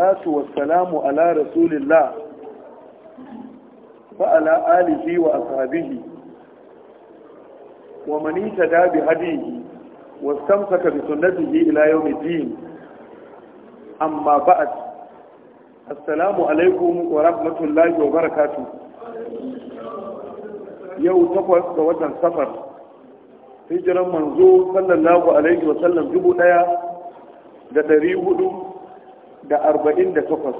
salatu wassalamu ala rasulillah wa ala alihi wa ashabihi wa man ittaba bi hadihi wastamsaka bi sunnatihi ila yawmiddin amma ba'd assalamu alaikum wa rahmatullahi wa barakatuh yau takwas ga watan safar hijiran manzo sallallahu alaihi wa sallam dubu daya da dari hudu da arba'in da takwas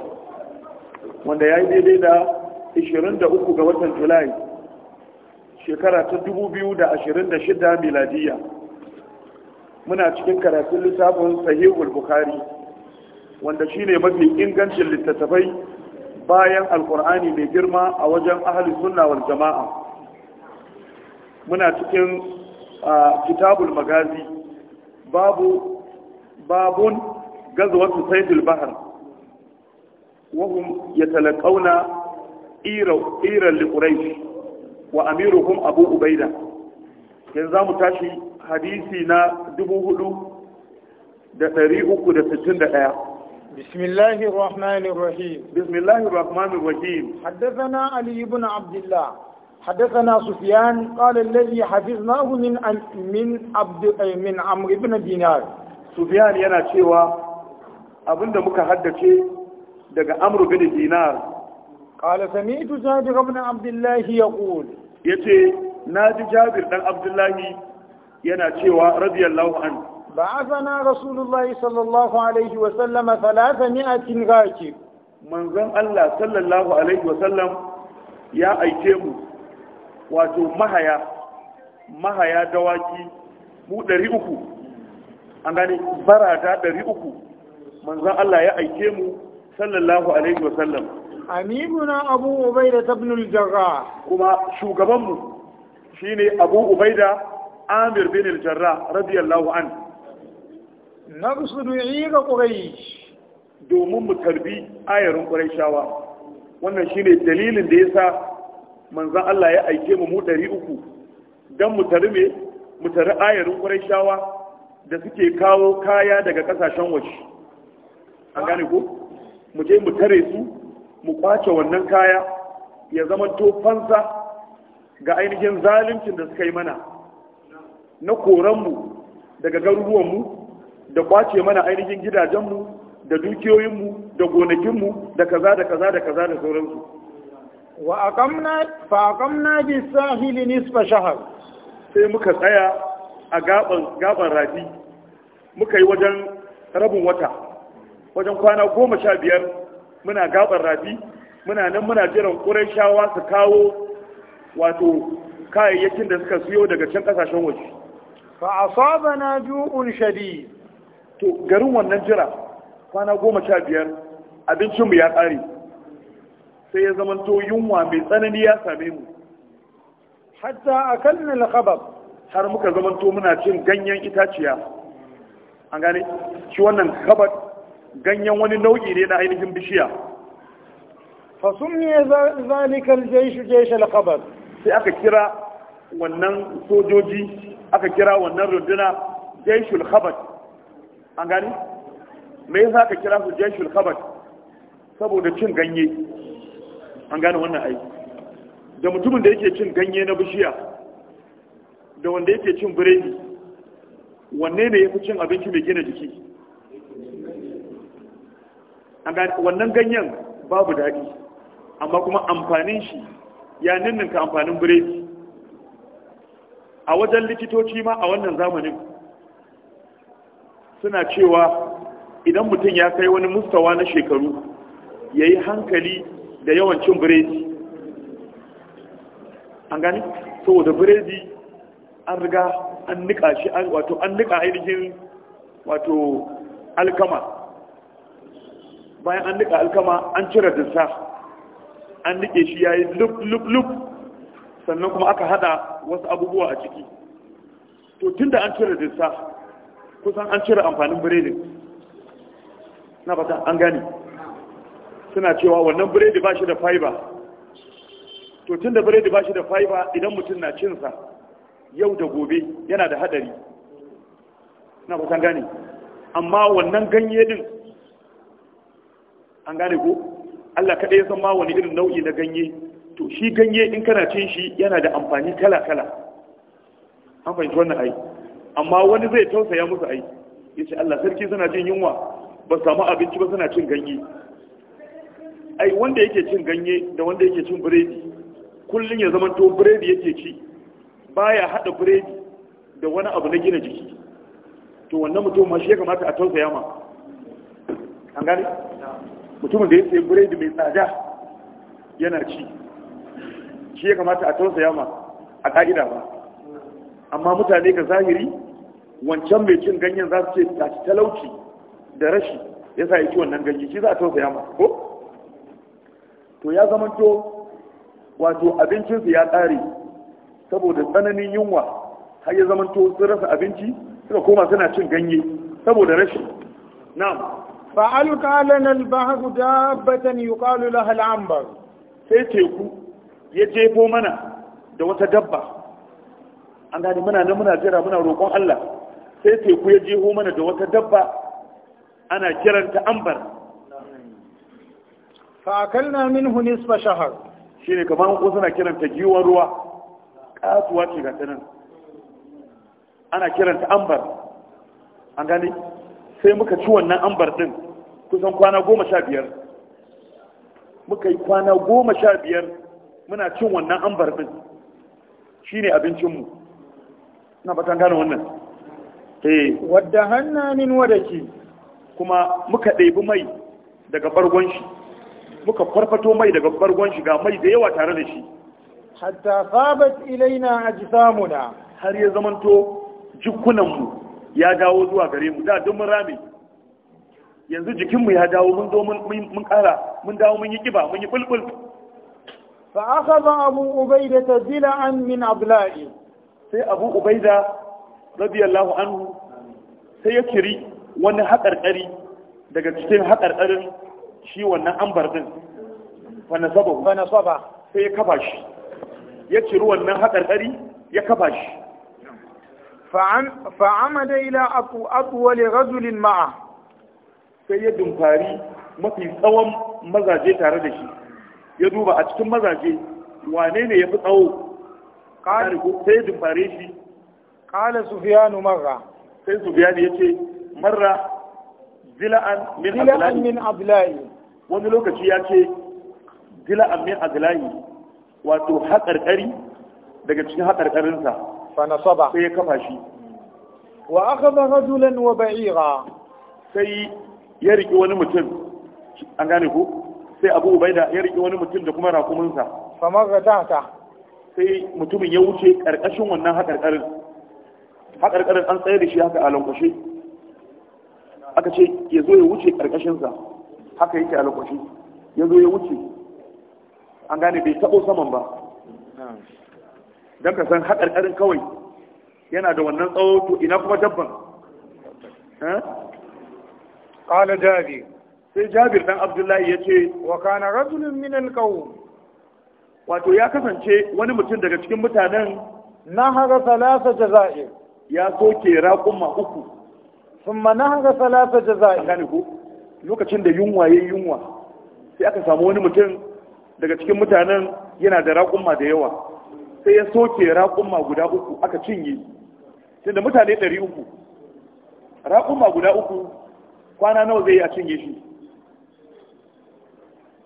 wanda ya yi daidai da ishirin da uku ga watan julai shekara ta dubu biyu da ashirin da shida miladiya muna cikin karatun littafin sahihul bukhari wanda shine mafi ingancin littattafai bayan alkur'ani mai girma a wajen ahli sunna wal jama'a muna cikin kitabul magazi babu babun غزوة سيد البحر وهم يتلقون إيرا إيرا لقريش وأميرهم أبو عبيدة ينزام تاشي حديثنا دبوه da ɗari uku da sittin da ɗaya. بسم الله الرحمن الرحيم بسم الله الرحمن الرحيم حدثنا علي بن عبد الله حدثنا سفيان قال الذي حفظناه من من عبد من عمرو بن دينار سفيان yana cewa abinda muka haddace daga amru bin dinar qala sami'tu jabir ibn abdullah yaqul yace naji jabir dan abdullahi yana cewa radiyallahu anhu ba'athana rasulullah sallallahu alaihi wa sallam 300 ghaki manzon Allah sallallahu alaihi wa sallam ya aike mu wato mahaya mahaya dawaki mu 300 an gane barada 300 Manzan Allah ya aike mu sallallahu alaihi wa sallam amimuna abu ubaida ta al jarra. kuma shugabanmu mu shine abu ubaida amir bin Jarra, radiyallahu an nabsudu ila quraish domin mu tarbi ayarin quraishawa wannan shine dalilin da yasa manzan Allah ya aike mu mu 300 dan mu tarbe mu tari ayarin quraishawa da suke kawo kaya daga ƙasashen waje an gane ko mu je mu tare su mu kwace wannan kaya ya zama fansa ga ainihin zaluncin da suka yi mana na koranmu daga garuruwanmu da kwace mana ainihin gidajenmu da dukiyoyin mu, da gonakinmu da kaza da kaza da kaza da sauransu wa aqamna fa aqamna bi sahil nisfa shahr sai muka tsaya a gaban gaban rafi muka yi wajen rabin wata wajen kwana goma sha biyar muna gabar rafi muna nan muna jiran shawa su kawo wato kayayyakin da suka siyo daga can ƙasashen waje fa asabana ju'un shadi. to garin wannan jira kwana goma sha biyar abincinmu ya ƙare sai ya zama to yunwa mai tsanani ya same mu hatta a kan khabab har muka zama to muna cin ganyen itaciya an gane shi wannan kabar ganyen wani nau'i ne na ainihin bishiya fasumye zalikal jaishu jaisha al-khabar sai aka kira wannan sojoji aka kira wannan runduna jaishul Alkabar. an gani me yasa aka kira su jaishul Alkabar? saboda cin ganye an gani wannan aiki da mutumin da yake cin ganye na bishiya da wanda yake cin biredi wanne ne ya fi cin abinci mai gina jiki wannan ganyen babu daɗi amma kuma amfanin shi ya ninninka amfanin biredi a wajen likitoci ma a wannan zamanin suna cewa idan mutum ya kai wani mustawa na shekaru ya yi hankali da yawan cin biredi an gani saboda biredi an riga an nika shi wato an nika ainihin wato alkama bayan an nika alkama an cire dinsa an nike shi yayi lub lub lub sannan kuma aka hada wasu abubuwa a ciki to tunda an cire dinsa kusan an cire amfanin biredin na bata an gane suna cewa wannan biredi ba shi da fiber to tunda biredi ba shi da fiber idan mutum na cinsa yau da gobe yana da hadari na bata gane amma wannan ganye din an gane ko Allah kaɗai ya san ma wani irin nau'i na ganye to shi ganye in kana cin shi yana da amfani kala kala an fahimci wannan ai amma wani zai tausaya musu ai ce Allah sarki suna jin yunwa ba samu abinci ba suna cin ganye ai wanda yake cin ganye da wanda yake cin biredi kullum ya zama to biredi yake ci baya hada biredi da wani abu na gina jiki to wannan mutum ma shi ya kamata a tausaya ma an gane mutumin da ya sayi biredi mai tsada yana ci shi ya kamata a tausaya ma a ka'ida ba amma mutane ga zahiri wancan mai cin ganyen za su ce tashi talauci da rashi ya sa ya ci wannan ganyen shi za a tausaya ma ko to ya to wato abincinsu ya ƙare saboda tsananin yunwa har ya zamanto sun rasa abinci suka koma suna cin ganye saboda rashi na'am فألقى لنا البحر دابة يقال لها العنبر sai teku ya jefo mana da wata dabba an gani muna nan muna jira muna roƙon Allah sai teku ya jefo mana da wata dabba ana kiranta ambar min hunis minhu shahar shi ne kamar hukun suna kiranta giwon ruwa ƙasuwa ce ga tanan ana kiranta ambar an gani sai muka ci wannan ambar din kusan kwana goma sha biyar muka yi kwana goma sha biyar muna cin wannan ambar din shi ne abincinmu na batan gane wannan eh. wadda hannanin wada ke. kuma muka ɗaibi mai daga bargon shi muka farfato mai daga bargon shi ga mai da yawa tare da shi hatta fabat ilaina ajsamuna har ya zamanto jikunanmu ya dawo zuwa gare mu da duk mun rame yanzu jikinmu ya dawo mun zo mun kara mun dawo mun yi kiba mun yi bulbul fa akhadha abu ubaida zila'an min abla'i sai abu ubaida radiyallahu anhu sai ya kiri wani haƙarƙari daga cikin haƙarƙarin shi wannan ambar din fa nasaba fa nasaba sai ya kafa shi ya kiri wannan haƙarƙari ya kafa shi fa'amada ila atuwali rajulin ma'a sai ya dumfari mafi tsawon mazaje tare da shi ya duba a cikin mazaje wane ne ya fi tsawo sai ya dumfare shi kala sufiyanu marra sai sufiyanu ya ce marra zila'an min ablayi wani lokaci ya ce zila'an min ablayi wato haƙarƙari daga cikin haƙarƙarinsa fa nasaba sai ya kafa shi wa akhadha rajulan wa ba'ira sai ya riƙe wani mutum an gane ku. sai Abu Ubaida ya riƙe wani mutum da kuma rakuminsa fa magatata sai mutumin ya wuce ƙarƙashin wannan haƙarƙarin. Haƙarƙarin an tsaye da shi haka a lankwashe aka ce ya zo ya wuce ƙarƙashinsa. haka yake a lankwashe ya zo ya wuce an gane bai taɓo saman ba don ka san haƙarƙarin kawai yana da wannan tsawo to ina kuma dabban ƙala eh? jabi sai jabir ɗan abdullahi ya ce wa kana rajulun min alqawm wato ya kasance wani mutum daga cikin mutanen na nahara salasa jaza'ir ya soke raƙumma uku na nahara salasa jaza'ir gani ko lokacin da yunwa yayi yunwa sai aka samu wani mutum daga cikin mutanen yana da raƙumma da yawa sai ya soke raƙumma guda uku aka cinye tunda mutane ɗari uku raƙumma guda uku kwana nawa zai yi a cinye shi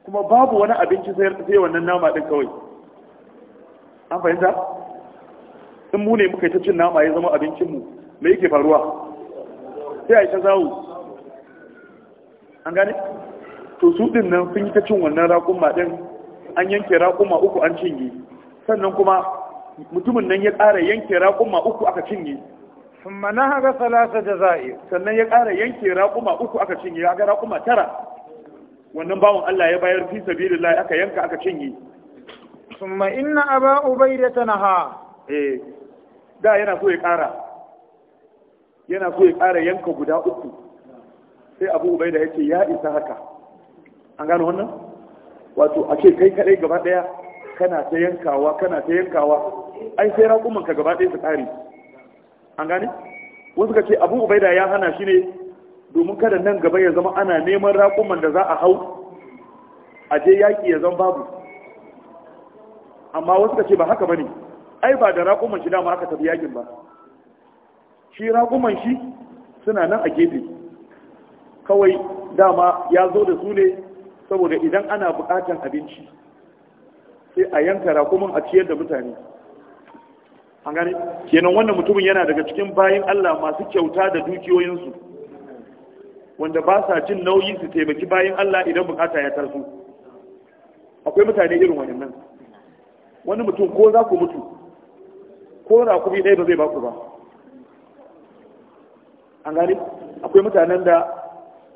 kuma babu wani abinci sai wannan nama ɗin kawai an fahimta in mu ne muka yi ta cin nama ya zama abincinmu mai yake faruwa sai a yi ta zawo an gane to su ɗin nan sun yi ta cin wannan raƙumma ɗin an yanke raƙumma uku an cinye sannan kuma mutumin nan ya ƙara yanke raƙuma uku aka cinye sun mana haka salasa za'i. sannan ya ƙara yanke raƙuma uku aka cinye ya ga raƙuma tara wannan bawan Allah ya bayar fi sabilillahi aka yanka aka cinye summa inna aba ubaida tanaha eh da yana so ya ƙara yana so ya ƙara yanka guda uku sai abu ubaida yake ya isa haka an gano wannan wato a ce kai kadai gaba daya kana ta yankawa kana ta yankawa ai sai raƙuman ka gaba ɗaya su tare an gane wasu ka ce abu ubaida ya hana shi ne domin kada nan gaba ya zama ana neman raƙuman da za a hau a je yaƙi ya zama babu amma wasu ka ce ba haka ba ne ai ba da raƙuman shi dama aka tafi yakin ba shi raƙuman shi suna nan a gefe kawai dama ya zo da su ne saboda idan ana buƙatan abinci sai a yanka rakumin a ciyar da mutane an gane kenan wannan mutumin yana daga cikin bayin Allah masu kyauta da dukiyoyinsu wanda ba sa cin nauyi su taimaki bayin Allah idan bukata ya tarso akwai mutane irin wannan wani mutum ko za ku mutu ko rakumi ɗaya ba zai ba ku ba an gane akwai mutanen da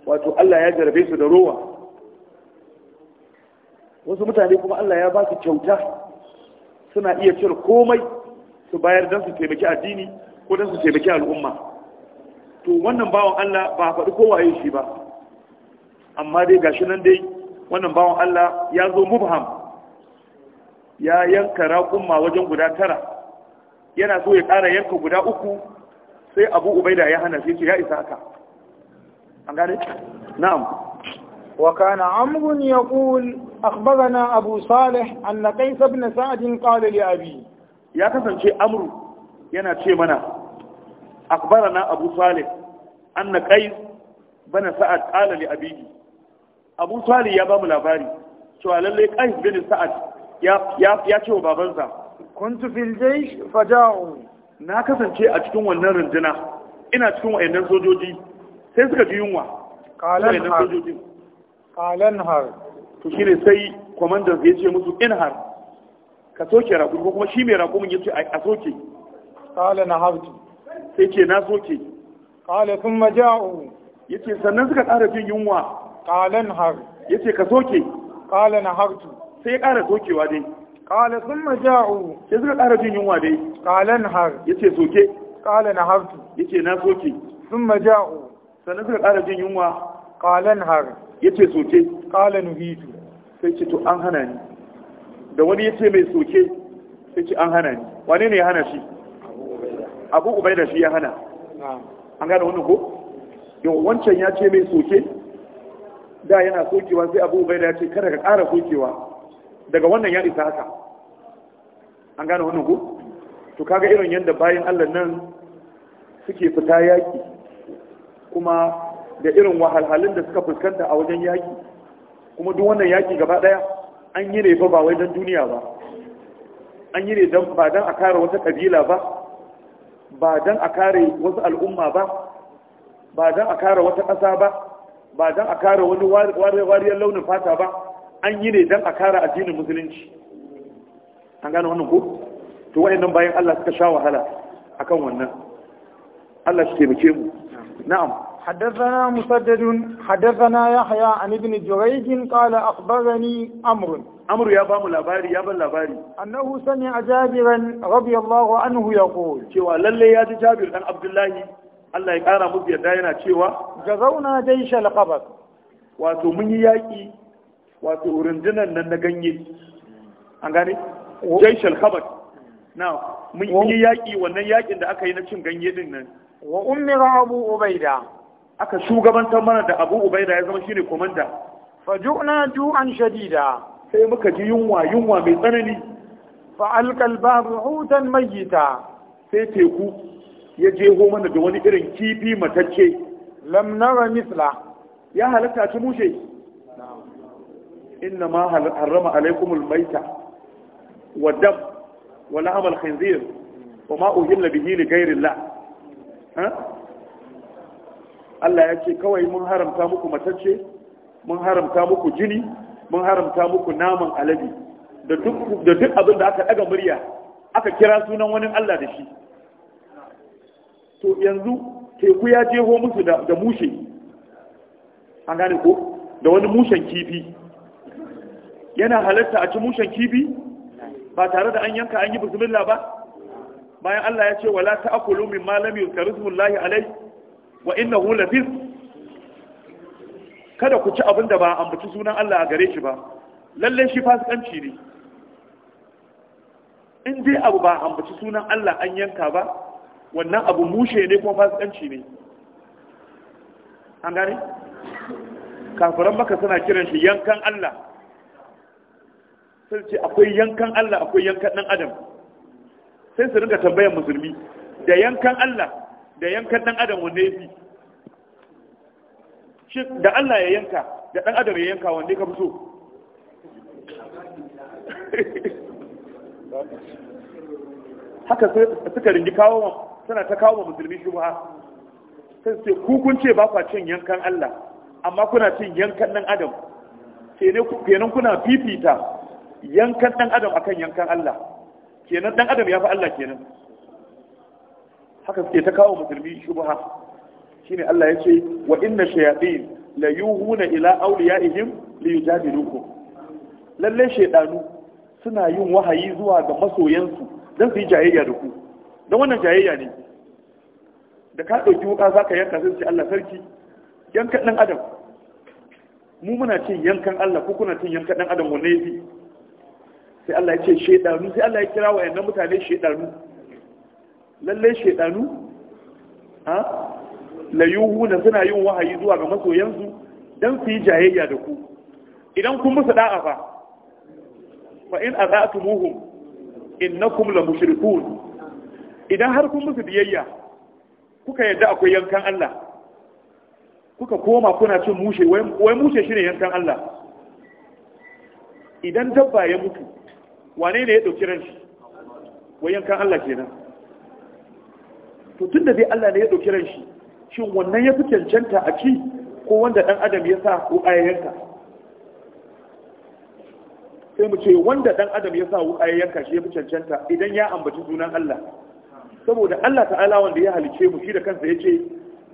wato Allah ya jarabe su da rowa wasu mutane kuma Allah ya ba su kyauta suna iya cire komai su bayar don su taimaki addini ko don su taimaki al'umma to wannan bawan Allah ba a faɗi yin shi ba amma dai gashi nan dai wannan bawan Allah ya zo mubham ya yanka raƙumma wajen guda tara yana so ya ƙara yanka guda uku sai abu ubaida ya hana shi ya isa haka an gane na'am وكان عمرو يقول أخبرنا أبو صالح أن قيس بن سعد قال لأبي يا كسن شيء أمر ينا شيء منا أخبرنا أبو صالح أن قيس بن سعد قال لأبيه أبو صالح يا بام لاباري شو قال لي قيس بن سعد يا يا يا شو بابنزا كنت في الجيش فجاءوا na kasance a cikin wannan runduna ina cikin wayannan sojoji sai suka ji yunwa kalan sojojin qalan har to shine sai commander ya ce musu in har ka soke raƙumi ko kuma shi mai raƙumin ya ce a soke qala na habtu sai ce na soke qala thumma Ya yace sannan suka ƙara jin yunwa Kalan har yace ka soke qala na habtu sai ya ƙara sokewa dai kala sun maja'u sai suka ƙara jin yunwa dai Kalan har yace soke qala na Ya yace na soke sun maja'u sannan suka ƙara jin yunwa Kalan har yace soke qala hitu sai ce to an hana ni da wani yace mai soke sai ce an hana ni wane ne ya hana shi abu ubaida shi ya hana an gane wannan ko yau wancan ya ce mai soke da yana sokewa sai abu ubaida ya ce kada ka ƙara sokewa daga wannan ya isa haka an gane wannan ko to kaga irin yadda bayan Allah nan suke fita yaki kuma da irin wahalhalun da suka fuskanta a wajen yaƙi kuma duk wannan yaƙi gaba ɗaya an yi ne ba wai don duniya ba an yi ne ba don a kare wata ƙabila ba ba don a kare wasu al'umma ba ba don a kare wata ƙasa ba ba don a kare wani wariyar launin fata ba an yi ne don a kare addinin musulunci an gane wannan ko to wayannan bayan Allah suka sha wahala akan wannan Allah shi taimake mu na'am حدثنا مسدد حدثنا يحيى عن ابن جريج قال أخبرني أمر أمر يا بام لاباري يا بام لاباري أنه سمع جابرا رضي الله عنه يقول شوى للي يا جابر عن عبد الله الله يقارى مبيا داينا شوى جزونا جيش القبر واتو من يأتي واتو رنجنا ننغني أنغاني جيش القبر نعم من يأتي ونن يأتي عندما أكاين شنغني دينا وأمر أبو عبيدة aka shugabantar mana da abu ubaida ya zama shine komanda fajuna ju'an shadida sai muka ji yunwa yunwa mai tsanani fa alqal babu hutan mayyita sai teku ya jeho mana da wani irin kifi matacce lam nara misla ya halatta ci mushe inna ma harrama 'Alaikum maita wa dam wa lahmal khinzir wa ma uhilla bihi li ghayri allah Allah ya ce kawai mun haramta muku matacce mun haramta muku jini mun haramta muku naman alabi da duk abin da aka daga murya aka kira sunan wani Allah da shi to yanzu teku ya jeho musu da mushe an gane ko da wani mushen kifi yana halatta a ci mushen kifi ba tare da an yanka an yi bismillah ba bayan Allah ya ce wala ta'kulu mimma lam yuzkarismullahi alayhi wa hu lafiz kada ku ci abin da ba ambaci sunan Allah a gare shi ba lalle shi fasikanci ne in dai abu ba ambaci sunan Allah an yanka ba wannan abu mushe ne kuma fasikanci ne an gane kafiran maka suna kiran shi yankan Allah sai ce akwai yankan Allah akwai yankan dan adam sai su rinka tambayar musulmi da yankan Allah da yankan dan adam wanda ya fi shi da Allah ya yanka da dan adam ya yanka wanda ka fi so haka suka rinji kawo suna ta kawo musulmi shubha sai sai ku kun ce ba kwa cin yankan Allah amma kuna cin yankan dan adam kenan kuna fifita yankan dan adam akan yankan Allah kenan dan adam ya fi Allah kenan haka suke ta kawo musulmi shubha shine Allah ya ce wa inna shayatin la yuhuna ila awliyaihim li yujadiluhum lalle shaydanu suna yin wahayi zuwa ga masoyansu dan su yi jayayya da ku dan wannan jayayya ne da ka dauki wuka zaka yanka sai ce Allah sarki yankan dan adam mu muna cin yankan Allah ko kuna cin yankan dan adam wanne yafi sai Allah ya ce shaydanu sai Allah ya kira wayannan mutane shaydanu lallai shaidanu ha layuhu na suna yin wahayi zuwa ga masoyansu don su yi jayayya da ku idan kun musu da'a fa fa in azatumuhum innakum la mushrikun idan har kun musu biyayya kuka yadda akwai yankan Allah kuka koma kuna cin mushe wai mushe shine yankan Allah idan dabba ya mutu wane ne ya dauki ran shi wai yankan Allah kenan to tun da dai Allah ne ya ɗauki ran shi shin wannan ya fi cancanta a ci ko wanda ɗan adam ya sa ko ya yanka sai mu ce wanda ɗan adam ya sa ko ya shi ya fi cancanta idan ya ambaci sunan Allah saboda Allah ta'ala wanda ya halice mu shi da kansa ya ce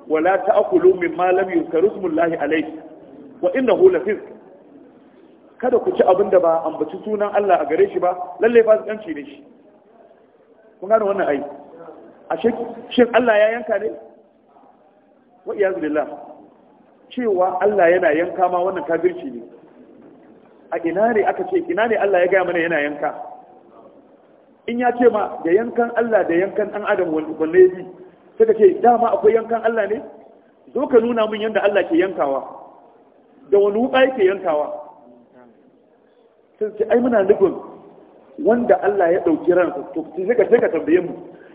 wala ta'kulu mimma lam yuzkaru smullahi alayhi wa innahu lafizq kada ku ci abinda da ba ambaci sunan Allah a gare shi ba lalle fasikanci ne shi kun gane wannan ayi a shin Allah ya yanka ne wa iyazu cewa Allah yana yanka ma wannan kafirci ne a ina ne aka ce ina ne Allah ya gaya mana yana yanka in ya ce ma da yankan Allah da yankan ɗan adam wanne yi sai ka ce dama akwai yankan Allah ne zo ka nuna min yadda Allah ke yankawa da wani wuka yake yankawa sai ce ai muna nufin wanda Allah ya ɗauki ransa to ka sai ka tambaye mu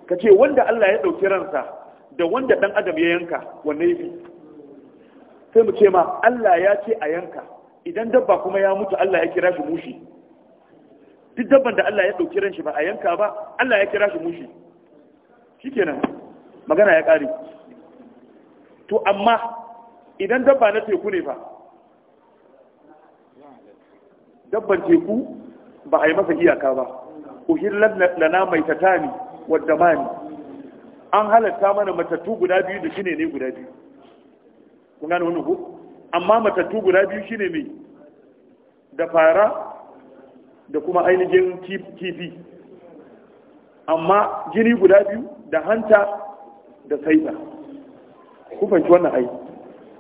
ka ce wanda Allah ya ɗauki ransa da wanda ɗan adam ya yanka wanne yi sai mu ce ma Allah ya ce a yanka idan dabba kuma ya mutu Allah ya kira shi mushi duk dabban da Allah ya ɗauki ran shi ba a yanka ba Allah ya kira shi mushi shikenan magana ya ƙare to amma idan dabba na teku ne fa, dabban teku ba a yi masa iyaka ba uhillat lana mai tatani wadda mani an halatta mana matattu guda biyu da shine ne guda biyu kun gane wani ko amma matattu guda biyu shine mai da fara da kuma ainihin kifi amma jini guda biyu da hanta da saiba ku fahimci wannan ai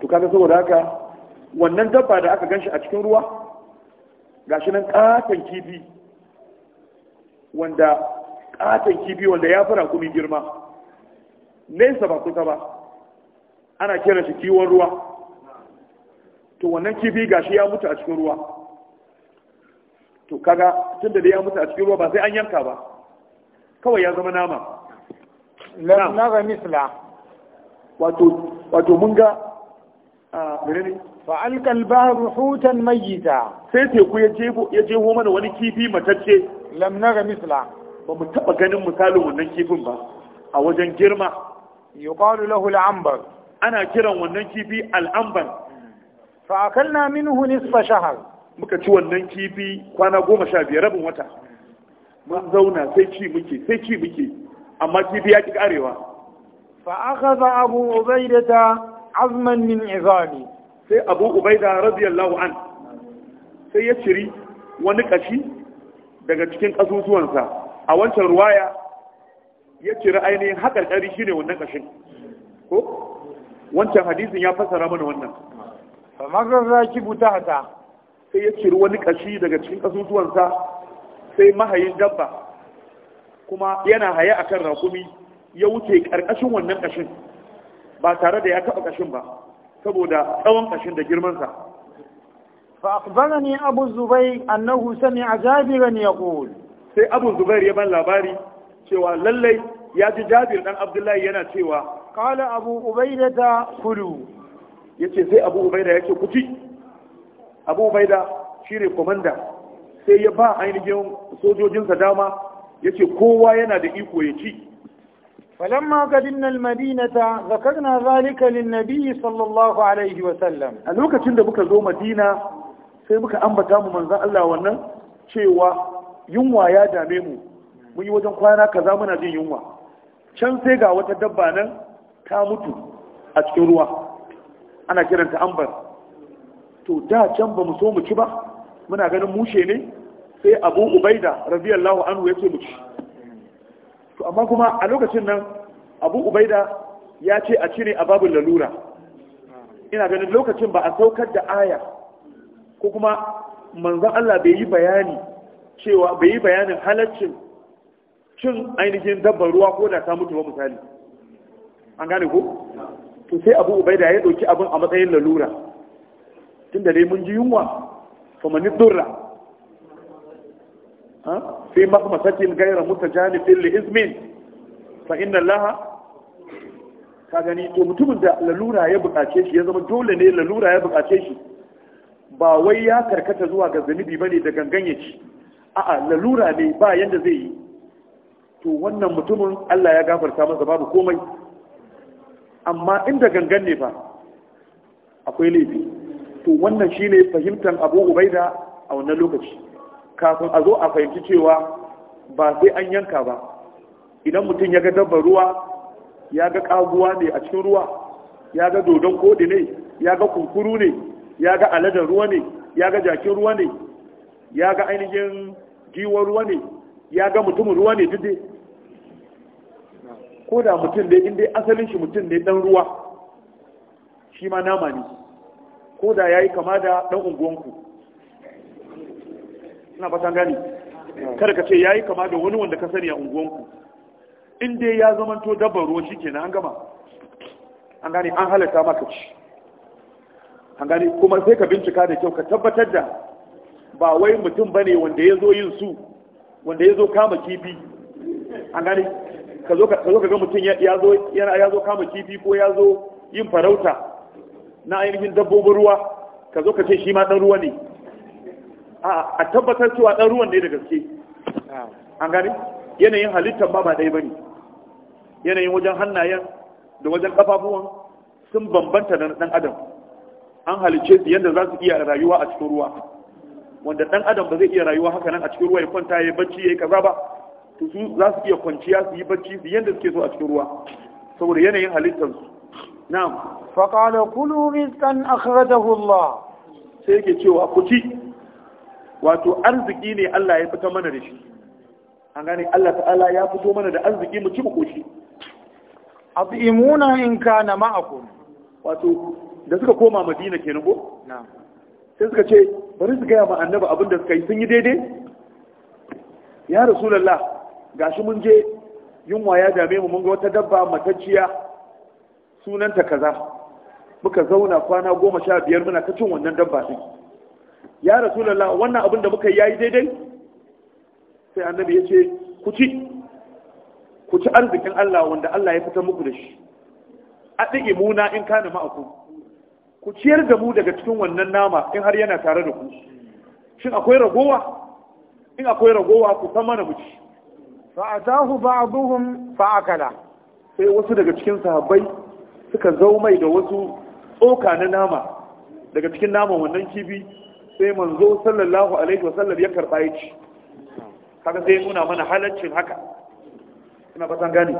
to kaga saboda haka wannan dabba da aka ganshi a cikin ruwa gashi nan katon kifi wanda katon kifi wanda ya fara kumi girma nesa ba kusa ba ana kera shi kiwon ruwa to wannan kifi gashi ya mutu a cikin ruwa to kaga tun da ya mutu a cikin ruwa ba sai an yanka ba kawai ya zama nama na ga misla wato munga. mun ga a fa alqal bahru hutan mayita sai teku ya jefo mana wani kifi matacce lam ga misla ba mu taɓa ganin misalin wannan kifin ba a wajen girma yuqalu lahu al'ambar ana kiran wannan kifi al'amban fa akalna minhu nisfa shahr muka ci wannan kifi kwana goma sha biyar rabin wata mun zauna sai ci muke sai ci muke amma kifi ya ki karewa fa akhadha abu ubaidata azman min izami sai abu ubaida radiyallahu an sai ya ciri wani kashi daga cikin kasusuwansa a wancan ruwaya ya cire ainihin haƙarƙari shi ne wannan ƙashin ko wancan hadisin ya fasara mana wannan famarar raki buta hata sai ya ciri wani ƙashi daga cikin ƙasusuwansa sai mahayin dabba kuma yana haya a kan rakumi ya wuce ƙarƙashin wannan ƙashin ba tare da ya taɓa ƙashin ba saboda tsawon ƙashin da girmansa abu أبو الزبير أنه سمع ya يقول sai abun zubair ya ban labari cewa lallai ya ji jabir dan abdullahi yana cewa kala abu ubaida ta Ya ce sai abu ubaida yace ku ci abu ubaida ne komanda sai ya ba ainihin sojojinsa dama yace kowa yana da iko ya ci فلما قدمنا المدينة ذكرنا ذلك للنبي صلى الله عليه وسلم a lokacin da muka zo madina sai muka ambata mu manzon Allah wannan cewa yunwa ya dame mu mun yi wajen kwana kaza muna jin yunwa can sai ga wata dabba nan ta mutu a cikin ruwa ana kiranta ambar to da can ba mu so mu ci ba muna ganin mushe ne sai abu ubaida radiyallahu anhu yake mu ci to amma kuma a lokacin nan abu ubaida ya ce a cire a babu lalura ina ganin lokacin ba a saukar da aya ko kuma manzon Allah bai yi bayani cewa bai yi bayanin halaccin cin ainihin dabbar ruwa ko da ta mutu ba misali an gane ko to sai abu da ya ɗauki abin a matsayin lalura tun da dai mun ji yunwa famanin durra sai masakin gaira muta janifin li ismin fa inna laha ka gani to mutumin da lalura ya buƙace shi ya zama dole ne lalura ya bukace shi ba wai ya karkata zuwa ga zunubi ba ne da gangan ci a'a lalura ne ba yanda zai yi to wannan mutumin Allah ya gafarta masa babu komai amma inda gangan ne fa akwai laifi to wannan shine fahimtar Abu Ubaida a wannan lokaci kafin a zo a fahimci cewa ba sai an yanka ba idan mutum ya ga dabbar ruwa ya ga kaguwa ne a cikin ruwa ya ga dodon kodi ne ya ga kunkuru ne ya ga aladen ruwa ne ya ga jakin ruwa ne ya ga ainihin giwon ruwa ne ya ga mutumin ruwa ne duk dai ko da mutum dai inda asalin shi mutum ne dan ruwa shi ma nama ne ko da ya yi kama da dan unguwanku ina fatan gani kada ka ce ya yi kama da wani wanda ka sani a unguwanku in dai ya zamanto dabbar ruwa shi kenan an gama an gane an halatta maka ci an gane kuma sai ka bincika da kyau ka tabbatar da ba wai mutum bane wanda ya zo yin su wanda ya zo kama kifi an gani? ka zo ka ga mutum ya zo kama kifi ko ya zo yin farauta na ainihin dabbobin ruwa ka zo ka ce shi ma ɗan ruwa ne a tabbatar cewa ɗan ruwan ne da gaske an gani yanayin halittar ba ba ɗaya ba ne yanayin wajen hannayen da wajen ƙafafuwan sun bambanta da ɗan adam an halicce su yadda za su iya rayuwa a cikin ruwa wanda dan adam ba zai iya rayuwa haka nan a cikin ruwa ya kwanta ya bacci ya yi kaza ba to su za su iya kwanciya su yi bacci su yadda suke so a cikin ruwa saboda yanayin halittar su na'am fa qala kulu rizqan akhrajahu Allah sai yake cewa ku ci wato arziki ne Allah ya fita mana da shi an gane Allah ta'ala ya fito mana da arziki mu ci mu koshi at'imuna in kana ma'akum wato da suka koma Madina kenan ko na'am sai suka ce bari su gaya ma annaba abin da suka yi sun yi daidai ya rasulallah shi mun je yunwa ya dame mu mun ga wata dabba matacciya sunanta kaza muka zauna kwana goma sha biyar muna ta cin wannan dabba din ya rasulallah wannan abin da muka yi yayi daidai sai annabi ya ce ku ci ku ci arzikin Allah wanda Allah ya fitar muku da shi a ɗigi muna in kana ma'akum ku ciyar da mu daga cikin wannan nama in har yana tare da ku shin akwai ragowa in akwai ragowa ku san mana mu ci fa'atahu ba'dhum akala sai wasu daga cikin sahabbai suka zo mai da wasu tsoka na nama daga cikin naman wannan kibi sai manzo sallallahu alaihi wasallam ya karba ya ci kaga sai nuna mana halaccin haka ina fatan gane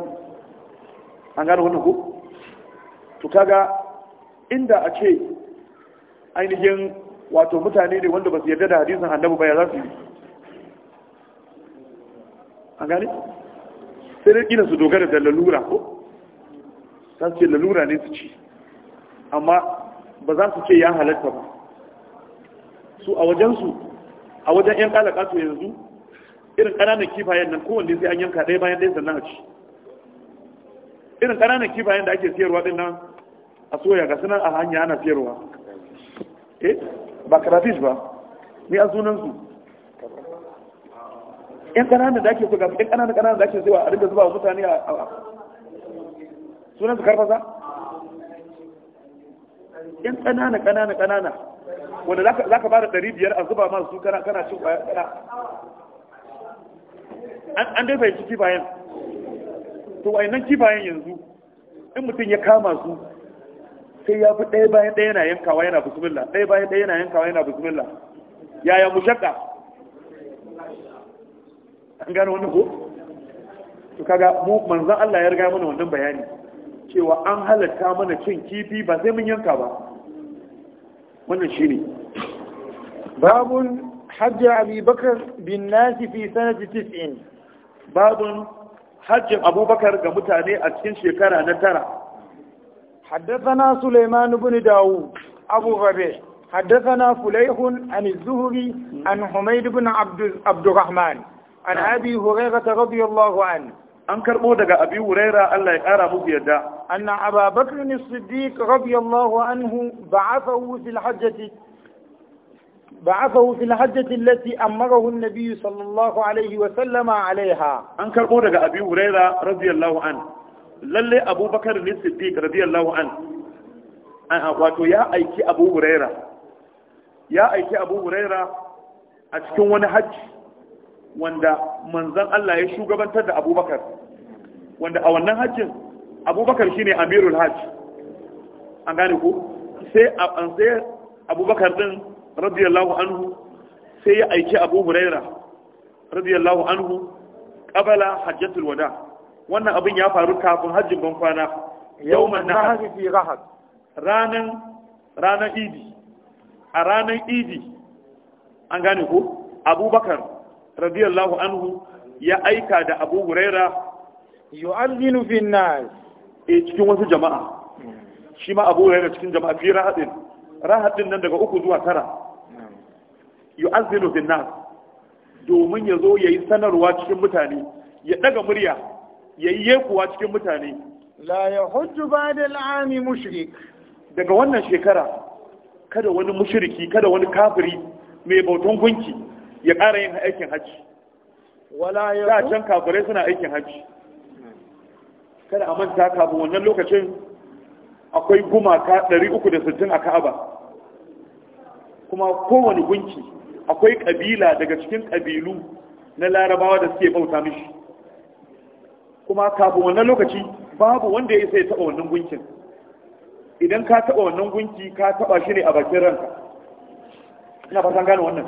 an gane wannan ku to kaga inda a ce ainihin wato mutane ne wanda ba su yarda da hadisin annabu ba ya za su yi A gane sai dai kila su dogara da lalura ko za su ce lalura ne su ci amma ba za su ce ya halatta ba su a wajensu a wajen 'yan kalaka su yanzu irin ƙananan kifayen nan kowanne sai an yanka ɗaya bayan ɗaya sannan a ci irin ƙananan kifayen da ake siyarwa ɗin nan a soya ga sunan a hanya ana siyarwa eh ba karafish ba ni a sunansu yan kananan da ake so ga yan kananan ƙananan da ake zuwa a rinka zuba wa mutane a Sunan su karfasa yan kananan kananan kananan wanda za ka ba da ɗari biyar a zuba masu kana kana cin kwaya kana an dai fahimci kifayen to nan kifayen yanzu in mutum ya kama su sai ya fi ɗaya bayan ɗaya yana yankawa yana bismillah ɗaya bayan ɗaya yana yankawa yana bismillah yaya mu shakka an gano wannan ko to kaga mu manzon Allah ya riga mana wannan bayani cewa an halatta mana cin kifi ba sai mun yanka ba wannan shine babun hajji abubakar bin nasi fi sanati 90 babun Hajji abubakar ga mutane a cikin shekara na tara حدثنا سليمان بن داوود أبو ربيع حدثنا فليح عن الزهري عن حميد بن عبد, عبد الرحمن عن أبي هريرة رضي الله عنه an karbo daga abi huraira Allah ya kara muku yadda anna aba bakr as-siddiq radiyallahu anhu ba'athahu fil hajjati ba'athahu fil hajjati allati amarahu an-nabi sallallahu alaihi wa sallama alaiha an karbo daga abi huraira lalle abubakar ne siddiq radiyallahu an wato ya aiki abu huraira ya aiki abu huraira a cikin wani hajji wanda manzan Allah ya shugabantar da abubakar wanda a wannan hajjin abubakar shine amirul hajji an gane ku sai abubakar din radiyallahu anhu sai ya aiki abu huraira radiyallahu anhu qabala hajjatul wada' wannan abin ya faru kafin hajjin ban kwana yawman nahar fi rahat ranan ranan idi a ranan idi an gane ko abubakar radiyallahu anhu ya aika da abu huraira yu'adhinu fi nas e cikin wasu jama'a shi ma abu huraira cikin jama'a fi rahadin rahadin nan daga uku zuwa tara yu'adhinu fi nas domin ya zo yayi sanarwa cikin mutane ya daga murya yayye kuwa cikin mutane la yahujju ba'da al'ami mushrik daga wannan shekara kada wani mushriki kada wani kafiri mai bautan gunki ya ƙara yin aikin hajji wala ya da can kafirai suna aikin hajji kada a manta kafin wannan lokacin akwai gumaka 360 a Ka'aba kuma kowane gunki akwai kabila daga cikin kabilu na larabawa da suke bauta mishi kuma kafin wannan lokaci babu wanda ya sai taɓa wannan gunkin idan ka taɓa wannan gunki ka taɓa shi ne a bakin ranka ina fatan gane wannan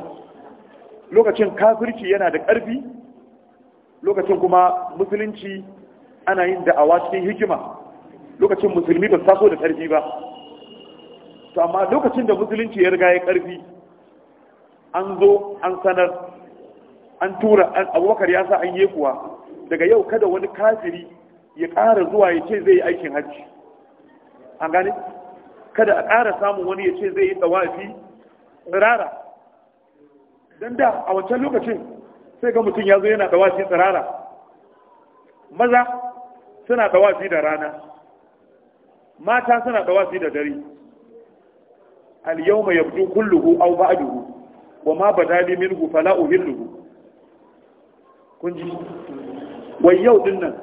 lokacin kafirci yana da ƙarfi lokacin kuma musulunci ana yin da'awa cikin hikima lokacin musulmi ba taso da ƙarfi ba to amma lokacin da musulunci ya riga ya ƙarfi an zo an sanar an tura abubakar ya sa an yi kuwa daga yau kada wani kafiri ya ƙara zuwa ya ce zai yi aikin hajji an gane kada a ƙara samun wani ya ce zai yi tsawafi tsirara don da a wancan lokacin sai ga mutum ya zo yana tsawafi tsirara maza suna tsawafi da rana mata suna tsawafi da dare al-yawma yabdu kulluhu aw ba'duhu wa ma badali minhu fala uhilluhu kun ji wai yau din nan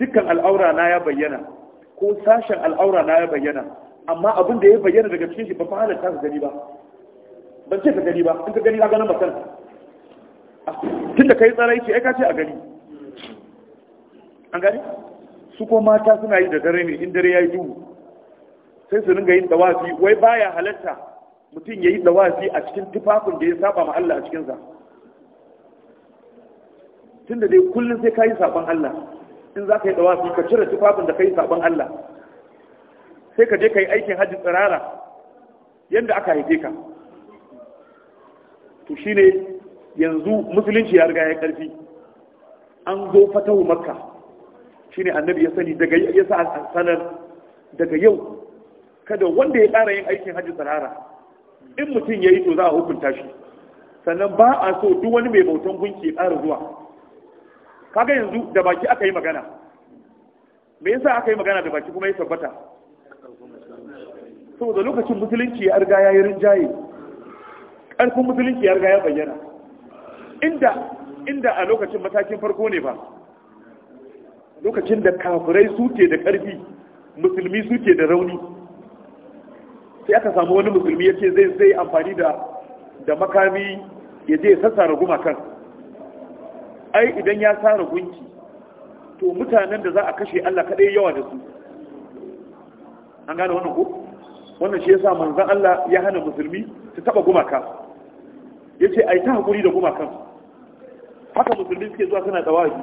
dukkan al'aura na ya bayyana ko sashen al'aura na ya bayyana amma abin da ya bayyana daga cikin shi ba fara ta ka gani ba ban ce ka gani ba in ka gani ka gani ba kan tunda kai tsara yake, ai ka ce a gani an gani su ko mata suna yi da dare ne in dare ya yi duhu sai su ringa yin dawafi wai baya halatta mutum ya yi dawafi a cikin tufafin da ya saba ma Allah a cikinsa Tun da dai kullum sai ka yi saɓon Allah in za ka yi ɗawafi ka cire tufafin da ka yi saɓon Allah sai ka je ka yi aikin hajji tsirara yadda aka haife ka to shi ne yanzu musulunci ya riga ya karfi an zo fatahu makka shi ne annabi ya sani daga ya sa sanar daga yau kada wanda ya ƙara yin aikin hajji tsirara in mutum ya yi to za a hukunta shi sannan ba a so duk wani mai bautan gunki ya ƙara zuwa kaga yanzu da baki aka yi magana me yasa aka yi magana da baki kuma ya tabbata saboda lokacin musulunci ya riga ya yi rinjaye ƙarfin musulunci ya riga ya bayyana inda inda a lokacin matakin farko ne ba lokacin da kafirai suke da ƙarfi musulmi suke da rauni sai aka samu wani musulmi ya zai zai amfani da da makami ya je sassara gumakan ai idan ya tsara gunki to mutanen da za a kashe Allah kaɗai yawa da su an gane wannan ko wannan shi yasa manzon Allah ya hana musulmi su taba gumaka yace ai ta hakuri da gumakan haka musulmi suke zuwa suna tawaji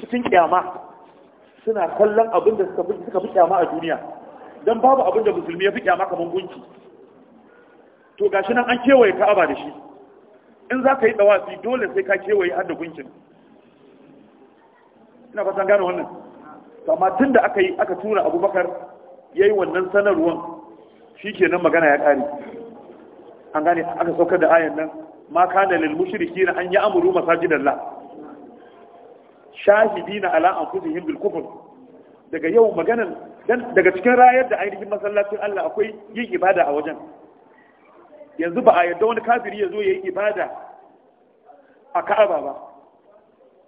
cikin kiyama suna kallon abin da suka fi suka fi kiyama a duniya dan babu abin da musulmi ya fi kiyama kaman gunki to gashi nan an kewaye Ka'aba da shi in za ka yi dawafi dole sai ka kewaye har da gunkin ina fatan gane wannan amma tun da aka yi aka tura abubakar ya yi wannan sanarwar shi ke nan magana ya kare an gane aka saukar da ayan nan ma kana lil mushriki an yi amuru masajidallah shahidina ala anfusihim bil kufr daga yau maganan daga cikin rayar da ainihin masallacin Allah akwai yin ibada a wajen yanzu ba a yadda wani kafiri ya zo ya yi ibada a ka'aba ba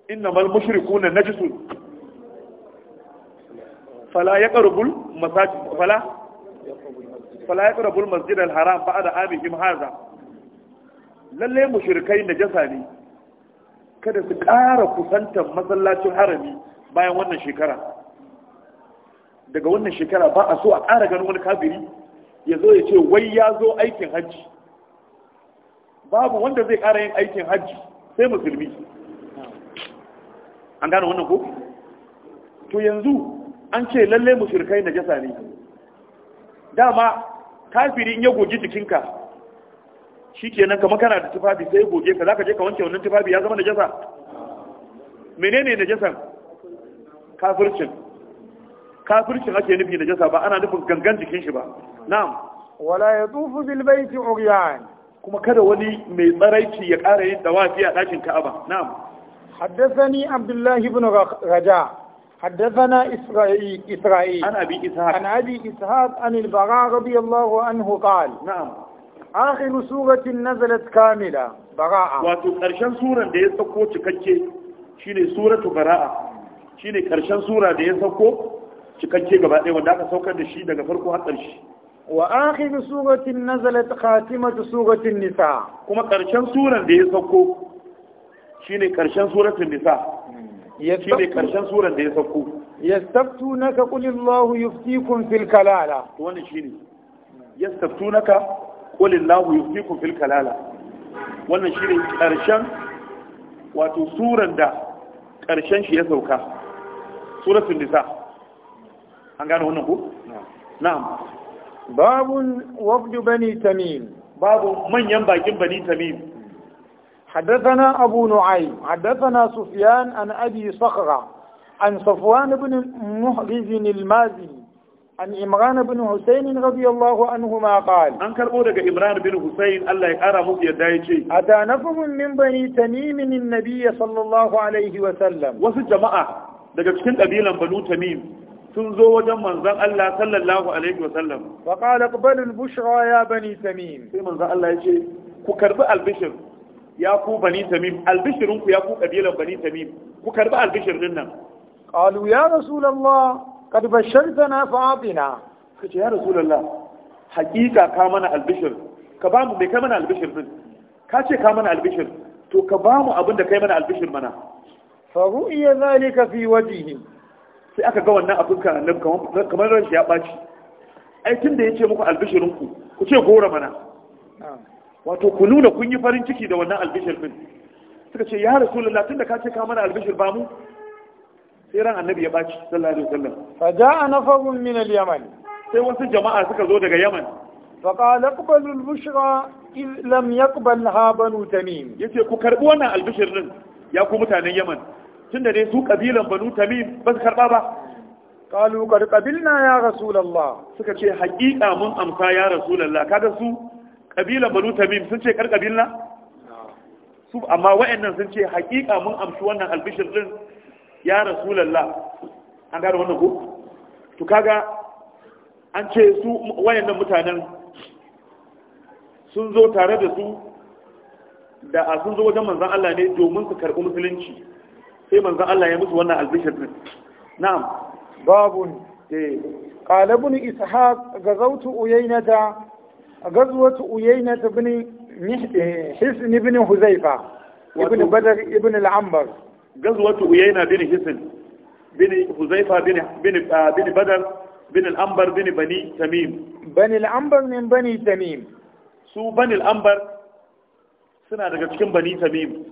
inna mal mushriku na najisu fala ya karbul masajid fala fala ya karbul masjid al-haram ba da amihim haza lalle mushrikai najasa ne kada su ƙara kusantar masallacin harami bayan wannan shekara daga wannan shekara ba a so a ƙara ganin wani kafiri ya zo ya ce wai ya zo aikin hajji babu wanda zai kara yin aikin hajji sai musulmi an gane wannan ko to yanzu an ce lalle na jasa ne dama kafirin ya goge jikinka shi ke nan kamar kana da tufafi sai goge ka zaka je ka wanke wannan tufafi ya zama na jasa? menene jasa kafircin kafircin ake nufi jasa ba ana nufin gangan jikin shi ba na'am wala ya tufu baiti uryan kuma kada wani mai tsaraici ya ƙara yin dawafi a ɗakin Ka'aba. Na'am. Haddathani Abdullahi ibn Raja, haddathana Isra'i. An abi Ishaq. An abi Ishaq an al-Bara radiyallahu anhu qala. Na'am. Akhiru nazalat kamila Bara'a. Wato ƙarshen suran da ya sauko cikakke shine suratu Bara'a. Shine ƙarshen sura da ya sauko cikakke gaba wanda aka saukar da shi daga farko har ƙarshe. wa akhiru suratin nazalat khatimatu suratin nisa kuma karshen suran da ya sauko shine karshen suratin nisa shine karshen suran da ya sauko yastaftunaka qul Allahu yuftikum fil kalala to wannan shine yastaftunaka qul yuftikum fil kalala wannan shine karshen wato suran da karshen shi ya sauka suratin nisa an gane wannan ko na'am babun wafdu bani tamim babu manyan bakin bani tamim حدثنا أبو نعيم حدثنا سفيان عن أبي صخرة عن صفوان بن محرز المازي عن إمران بن حسين رضي الله عنهما قال أن كربو دقى إمران بن حسين الله يقرى مبيا دايشي أتى نفر من بني تميم النبي صلى الله عليه وسلم وفي جماعة دقى تكن قبيلا بنو تميم sun zo wajen manzon Allah sallallahu alaihi wa sallam wa qala qabalu al-bushra ya bani tamim sai manzon Allah ya ce ku karbi albishir ya ku bani tamim albishirin ku ya ku kabilan bani tamim ku karbi albishir din nan qalu ya rasulullah qad bashartana fa atina kace ya rasulullah hakika ka mana albishir ka ba mu bai kai mana albishir din ka ce ka mana albishir to ka ba mu abin da kai mana albishir mana fa ru'iya zalika fi wajhihi sai aka ga wannan abin kan nan kamar ran shi ya ɓaci ai tun da ya ce muku albishirinku ku ce gora mana wato ku nuna kun yi farin ciki da wannan albishir din suka ce ya rasulullahi tunda da ka ce ka mana albishir ba mu sai ran annabi ya ɓaci sallallahu alaihi wasallam fa ja'a nafarun min al-yaman sai wasu jama'a suka zo daga yaman فقال اقبلوا البشرى إذ لم yaqbalha banu tamim yace ku karbi wannan albishir din ya ku mutanen Yaman tunda dai su kabilan banu tamim ba su karba ba qalu qad qabilna ya rasulullah suka ce haƙiƙa mun amsa ya rasulullah kaga su kabilan banu tamim sun ce kar kabilna su amma wayannan sun ce haƙiƙa mun amsu wannan albishir din ya rasulullah an gane wannan ko to kaga an ce su wayannan mutanen sun zo tare da su da a sun zo wajen manzan Allah ne domin su karɓi musulunci sai manzan Allah ya musu wannan albishir din na'am babun eh qala ibn ishaq gazawtu uyaynata gazwatu uyaynata ibn eh, hisn ibn huzaifa ibn badr ibn al-ambar gazwatu uyayna bin hisn bin huzaifa bin bin ah, bin badr bin al-ambar bin bani tamim bani al-ambar min bani tamim su bani al-ambar suna daga cikin bani tamim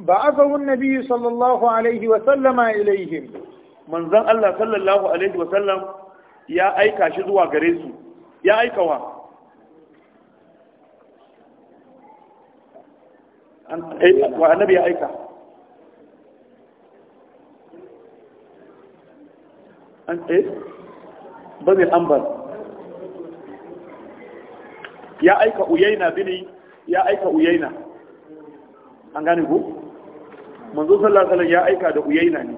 ba aka wun nabi sallallahu alaihi wa sallama ilaihim manzon Allah sallallahu alaihi wa sallam ya aika shi zuwa gare su ya aika wa wa annabi ya aika ya aika uyaina bini ya aika uyaina an gane ku? manzo sallallahu alaihi wasallam ya aika da uyaina ne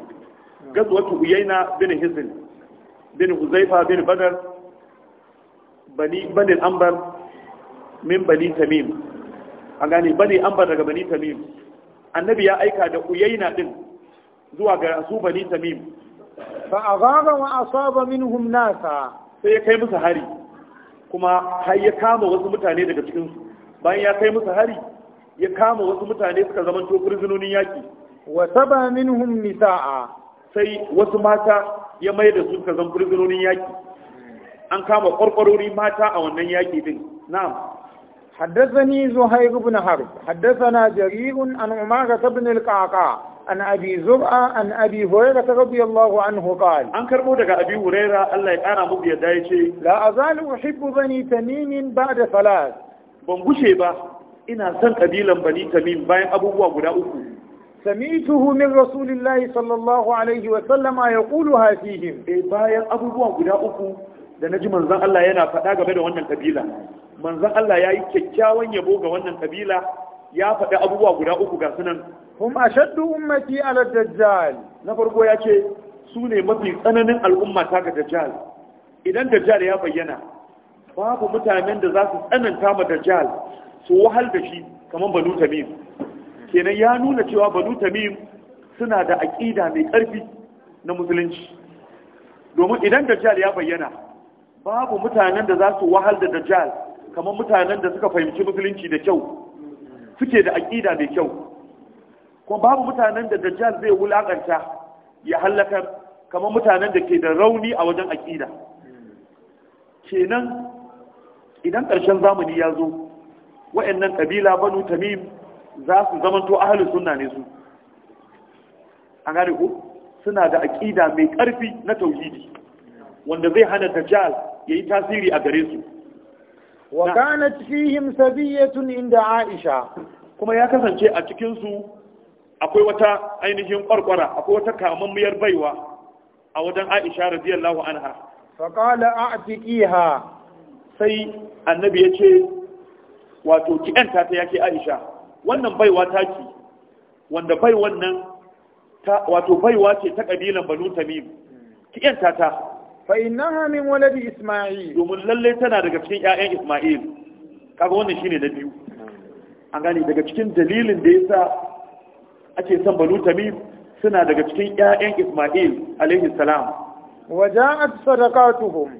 gazwatu uyaina bin hizn bin huzaifa bin badar bani bani anbar min bani tamim an gane bani anbar daga bani tamim annabi ya aika da uyaina din zuwa ga su bani tamim fa agaba wa asaba minhum nasa sai ya kai musu hari kuma har ya kama wasu mutane daga cikinsu bayan ya kai musu hari ya kama wasu mutane suka zama to prisonin yaki wa saba minhum nisa'a sai wasu mata ya mai da su kazan prisonin yaki an kama ƙwarƙwarori mata a wannan yaki din na'am حدثني زهير بن حرب حدثنا جرير عن عمارة بن القعقاع عن أبي زرعة عن أبي هريرة رضي الله عنه قال عن كرمودك أبي هريرة الله يقارى مبيا دايشي لا أزال أحب بني تميم بعد ثلاث بنبوشي با إنا سن قبيلا بني تميم باين أبو وابدا أكو سمعته من رسول الله صلى الله عليه وسلم يقولها فيهم bai eh, bayan abubuwan guda uku da naji manzon Allah yana faɗa game da wannan kabila manzon Allah yayi kyakkyawan yabo ga wannan kabila ya faɗi abubuwa guda uku ga sunan hum ashaddu ummati ala dajjal na farko yace su ne mafi tsananin al'umma ta ga dajjal idan dajjal ya bayyana babu mutanen da za su tsananta ma dajjal su wahal da shi kamar banu tamim kenan ya nuna cewa banu tamim suna da aƙida mai ƙarfi na musulunci domin idan dajjal ya bayyana babu mutanen da za su wahal da dajjal kamar mutanen da suka fahimci musulunci da kyau suke da aƙida mai kyau kuma babu mutanen da dajjal zai wulakanta ya hallaka kamar mutanen da ke da rauni a wajen aƙida kenan idan ƙarshen zamani ya zo wa'annan ƙabila banu tamim za su zamanto ahalin suna ne su an gane ku suna da aƙida mai ƙarfi na tauhidi wanda zai hana dajjal ya yi tasiri a gare su wa kanat fihim sabiyatun inda aisha kuma ya kasance a cikin su akwai wata ainihin kwarkwara akwai wata kamammiyar baiwa a wajen aisha radiyallahu anha fa qala a'tiqiha sai annabi yace wato ki ta yake aisha wannan baiwa ta ce wanda bai wannan wato baiwa ce ta kabilan banu tamim ki yanta ta fa innaha min waladi isma'il domin lalle tana daga cikin ƴaƴan isma'il kaga wannan shine da biyu an gane daga cikin dalilin da yasa ake son banu tamim suna daga cikin ƴaƴan isma'il alaihi salam ja'at sadaqatuhum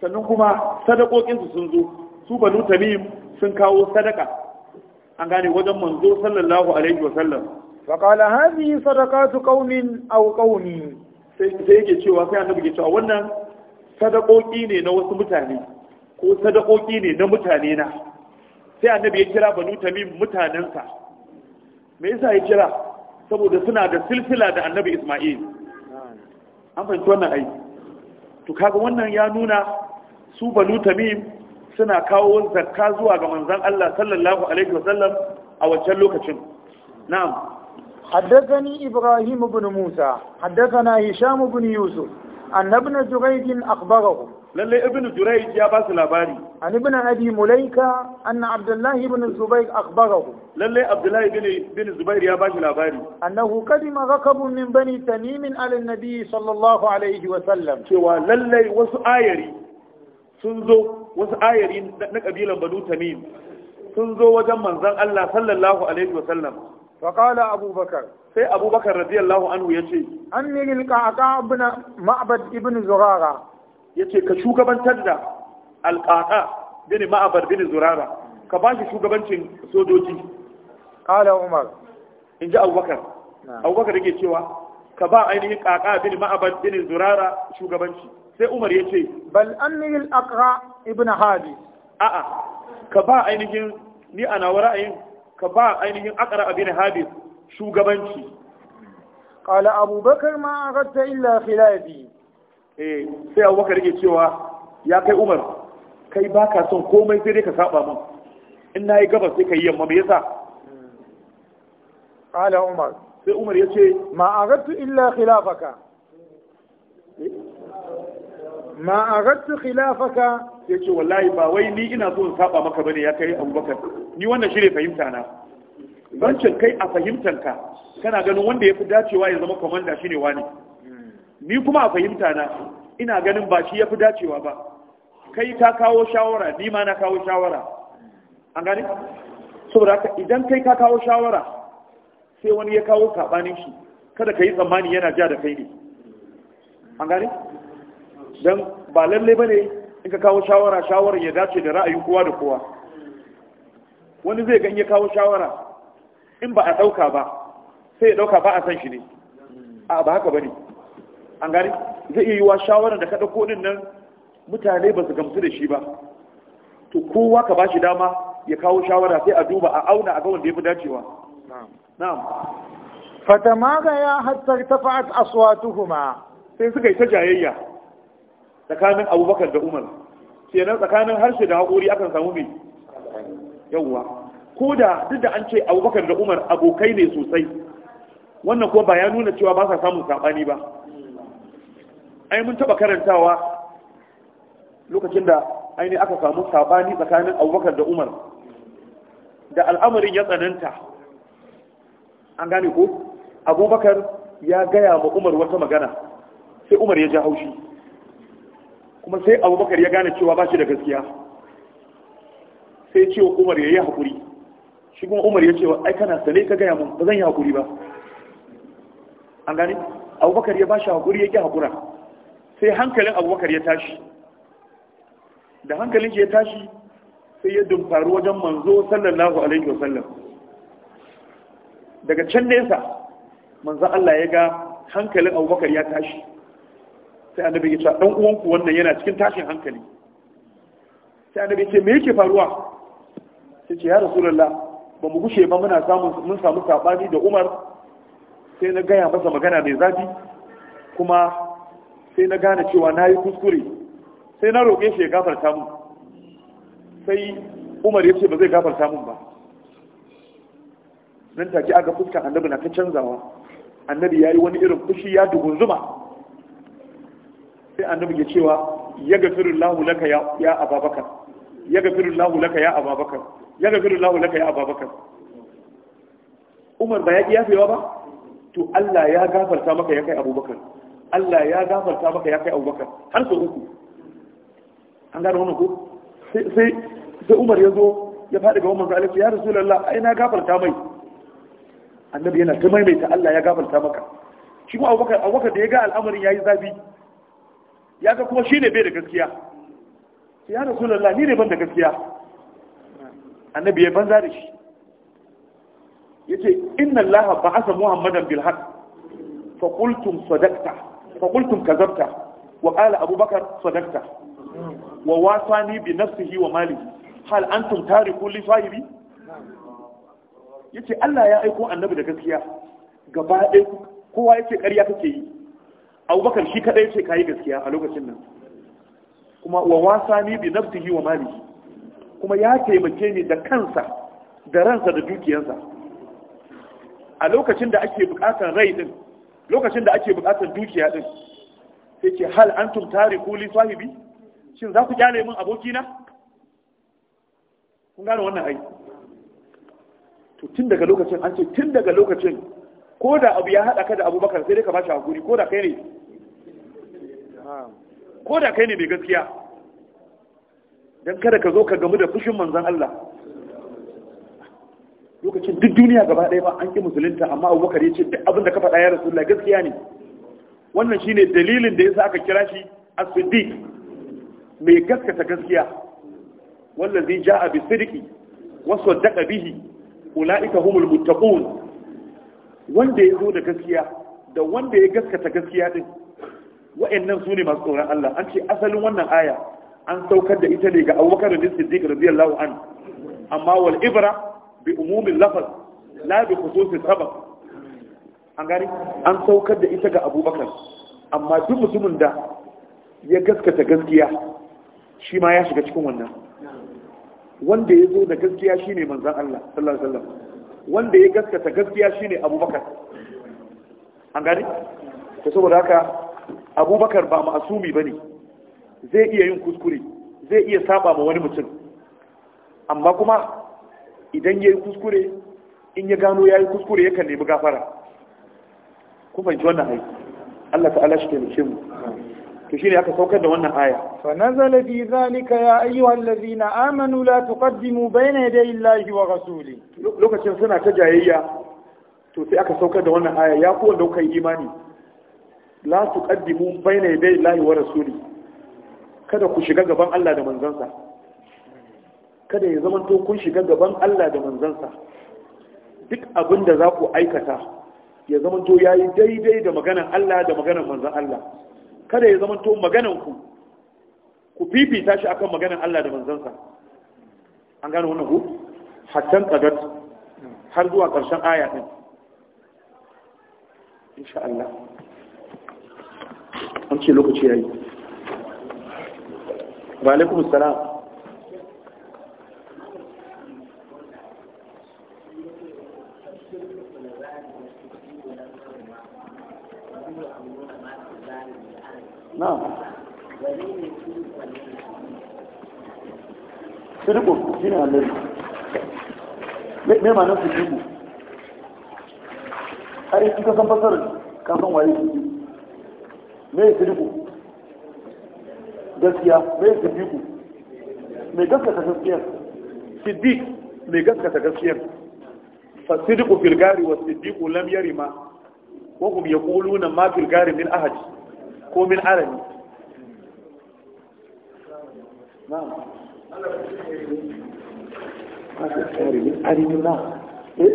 sannan kuma sadakokin su sun zo su banu tamim sun kawo sadaka an gane wajen manzo sallallahu alaihi wa sallam fa qala hadhihi sadaqatu qaumin aw qaumi sai sai yake cewa sai annabi ke cewa wannan sadakoki ne na wasu mutane ko sadakoki ne na mutane na sai annabi ya kira banu tamim mutanensa me yasa ya kira saboda suna da silsila da annabi isma'il an fahimci wannan aiki to kaga wannan ya nuna su banu tamim suna kawo zakka zuwa ga manzon Allah sallallahu alaihi wasallam a wancan lokacin na'am حدثني إبراهيم بن موسى حدثنا هشام بن يوسف أن ابن جريج أخبره للي ابن جريج يا باس الأباري عن ابن أبي مليكة أن عبد الله بن الزبير أخبره للي عبد الله بن, بن الزبير يا باس الأباري أنه قدم ركب من بني تميم على النبي صلى الله عليه وسلم شوى للي وسؤايري sun zo wasu ayari na kabilan banu tamim sun zo wajen manzon Allah sallallahu alaihi wa sallam fa qala abubakar sai abubakar radiyallahu anhu yace anni lil qaqa ibn ma'bad ibn zurara yace ka shugabantar da alqaqa bin ma'bad bin zurara ka ba shi shugabancin sojoji qala umar in ji abubakar abubakar yake cewa ka ba ainihin ƙaƙa bin ma'abad bin zurara shugabanci sai Umar ya ce bal annil aqra ibn hadi a'a ka ba ainihin ni a nawa ra'ayin ka ba ainihin aqra ibn hadi shugabanci qala abubakar ma aghadta illa khilafi eh sai abubakar yake cewa ya kai Umar kai ba ka son komai sai dai ka saba min in yi gabas sai ka yi yamma me yasa qala Umar sai Umar yace ma aghadtu illa khilafaka eh, ma aradtu khilafaka yace wallahi ba wai ni ina so in saba maka bane ya kai Abubakar ni wannan ne fahimta na bancin kai a fahimtanka kana ganin wanda ya fi dacewa ya zama shi shine wani ni kuma a fahimta na ina ganin ba shi ya fi dacewa ba kai ka kawo shawara ni ma na kawo shawara an gani saboda haka idan kai ka kawo shawara sai wani ya kawo sabanin shi kada ka yi tsammani yana ja da kai ne an gani don ba lalle ba ne in ka kawo shawara shawarar ya dace da ra'ayin kowa da kowa wani zai ganye kawo shawara in ba a ɗauka ba sai ya ɗauka ba a san shi ne a ba haka ba ne an gani zai iya yiwa shawarar da ka ɗauko ɗin nan mutane ba su gamsu da shi ba to kowa ka ba shi dama ya kawo shawara sai a duba a auna a ga wanda ya fi dacewa na'am fatamagaya hatta tafa'at aswatuhuma sai suka yi ta jayayya tsakanin abubakar da umar nan tsakanin harshe da haƙori akan samu mai yawwa ko da duk da an ce abubakar da umar abokai ne sosai wannan kuma ba ya nuna cewa ba sa samun saɓani ba ai mun taɓa karantawa lokacin da aini aka samu saɓani tsakanin abubakar da umar da al'amarin ya tsananta an gane ko abubakar ya gaya ma umar wata magana sai umar ya ja haushi kuma sai abubakar ya gane cewa ba shi da gaskiya sai ce wa umar ya yi haƙuri shi kuma umar ya ce wa aikana kana sane ka gaya mun ba zan yi haƙuri ba an gane abubakar ya ba shi haƙuri ya ƙi haƙura sai hankalin abubakar ya tashi da hankalin ya tashi sai ya dumfari wajen manzo sallallahu alaihi wasallam daga can nesa manzo Allah ya ga hankalin abubakar ya tashi sai annabi ya ce dan uwanku wannan yana cikin tashin hankali sai annabi ya ce me yake faruwa sai ce ya rasulullah ba mu gushe ba muna samun mun samu sabani da Umar sai na gaya masa magana mai zafi kuma sai na gane cewa na yi kuskure sai na roƙe shi ya gafarta mu sai Umar ya ce ba zai gafarta mu ba nan take aka fuskar annabi na ta canzawa annabi ya yi wani irin fushi ya dugunzuma sai annabi ya cewa lahu laka ya ya ababakar lahu laka ya ababakar lahu laka ya ababakar Umar ba ya kiyafewa ba to Allah ya gafarta maka ya kai Abubakar Allah ya gafarta maka ya kai Abubakar har sau uku an gano wannan ko sai sai Umar ya zo ya faɗi ga Umar Allah ya Rasulullah ai na gafarta mai annabi yana ta maimaita Allah ya gafarta maka shi kuma Abubakar Abubakar da ya ga al'amarin yayi zafi ya ga kuma shi ne bai da gaskiya ya rasu rasulullah ni ne ban da gaskiya annabi ya banza da shi Ya ce, inna allaha ba'atha muhammadan bil haqq fa qultum sadaqta fa qultum kadhabta wa qala abubakar sadaqta wa wasani bi nafsihi wa malihi hal antum tariku li sahibi Ya ce Allah ya aiko annabi da gaskiya gaba ɗaya kowa ya yace ƙarya kake yi abubakar shi kadai ce kayi gaskiya a lokacin nan kuma wa wasa ni bi nafsihi wa mali kuma ya taimake ni da kansa da ransa da dukiyarsa a lokacin da ake bukatar rai din lokacin da ake bukatar dukiya din sai ce hal antum tariku li sahibi shin za ku kyale min abokina kun gane wannan ai to tun daga lokacin an ce tun daga lokacin ko da abu ya haɗa ka da abubakar sai dai ka bashi hakuri ko da kai ne ko da kai ne mai gaskiya don kada ka zo ka gamu da fushin manzan Allah lokacin duk duniya gaba ɗaya ba an ƙi musulunta amma abubakar ya ce duk abin da ka faɗa ya rasulullah gaskiya ne wannan shine dalilin da yasa aka kira shi as mai gaskata gaskiya zai ja'a bi sidiki wa saddaqa bihi ulaika humul muttaqun wanda ya zo da gaskiya da wanda ya gaskata gaskiya din wa'annan su ne masu tsoron Allah an ce asalin wannan aya an saukar da ita ne ga abubakar da siddiq radiyallahu an amma wal ibra bi umumin lafaz la bi khususin sabab an gani an saukar da ita ga abubakar amma duk mutumin da ya gaskata gaskiya shi ma ya shiga cikin wannan wanda ya zo da gaskiya shine manzon Allah sallallahu alaihi wasallam wanda ya gaskata gaskiya shine abubakar an gani to saboda haka abubakar ba ma'asumi ba ne zai iya yin kuskure zai iya saba ma wani mutum amma kuma idan ya yi kuskure in ya gano ya yi kuskure yakan nemi gafara kuma ji wannan haiti Allah ta'ala shi taimake mu to shi ne aka saukar da wannan aya fa nazala bi zalika ya ayyuhal ladina amanu la tuqaddimu bayna yaday Allahi wa rasuli lokacin suna ta jayayya to sai aka saukar da wannan aya ya kowanne wanda kuka imani la tuqaddimu bayna yaday Allahi wa rasuli kada ku shiga gaban Allah da manzansa kada ya zama to kun shiga gaban Allah da manzansa duk abin da za ku aikata ya zama to yayi daidai da maganar Allah da maganar manzan Allah kada ya zama to maganar ku ku fifita shi akan maganar Allah da manzansa an gano wannan ku hatan kadat har zuwa ƙarshen aya din insha Allah an ce lokaci ya yi wa alaikum salam na sirikun shi ne allari mai ma nan su shi ku har yi kika san fasar kafin waye su me siriku gaskiya me siriku mai gaskata gaskiyar siddiq mai gaskata gaskiyar fasidiku filgari wa siddiqu lam yarima wa kulu yaquluna ma filgari min ahad ko min arami na'am eh?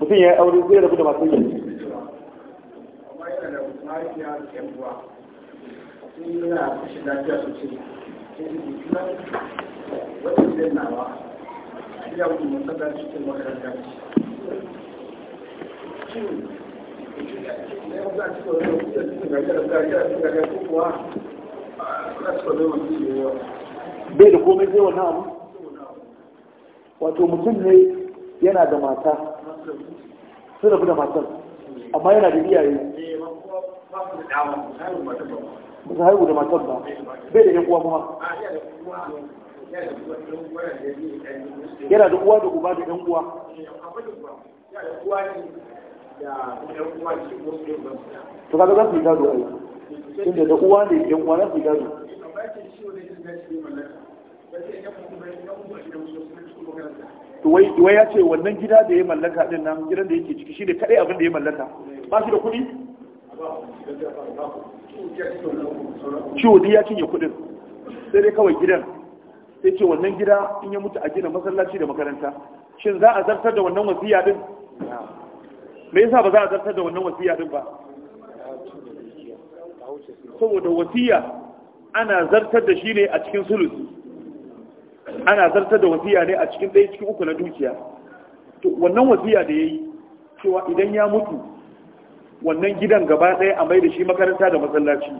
mutum ya yi aure zai rabu da masu yi mahaifiya da yan uwa sun yi na rashin lafiya su ce sun yi kuma wata zai nawa ya kuma matsala cikin makaranta ce ne ya za a ci ya wasu da cikin gajiyar gajiyar sun gajiyar ko kuwa za su tsoron da yawa bai da komai zai wani abu wato mutum ne yana da mata sun rabu da matar amma yana da iyaye ba su haihu da matar ba bai da yankuwa kuma yana da uwa da uba da yan uwa to kaga za su yi gado ai inda da uwa ne yan uwa za su yi gado da wai ya ce wannan gida da ya mallaka din nan gidan da yake ciki shi ne kadai abin da ya mallaka ba shi da kuɗi ciwo dai ya cinye kudin sai dai kawai gidan sai ce wannan gida in ya mutu a gina masallaci da makaranta shin za a zartar da wannan wasiya din me yasa ba za a zartar da wannan wasiya din ba saboda wasiya ana zartar da shi ne a cikin sulusi ana zartar da wasiya ne a cikin ɗaya cikin uku na dukiya to wannan wasiya da ya yi cewa idan ya mutu wannan gidan gaba ɗaya a mai da shi makaranta da masallaci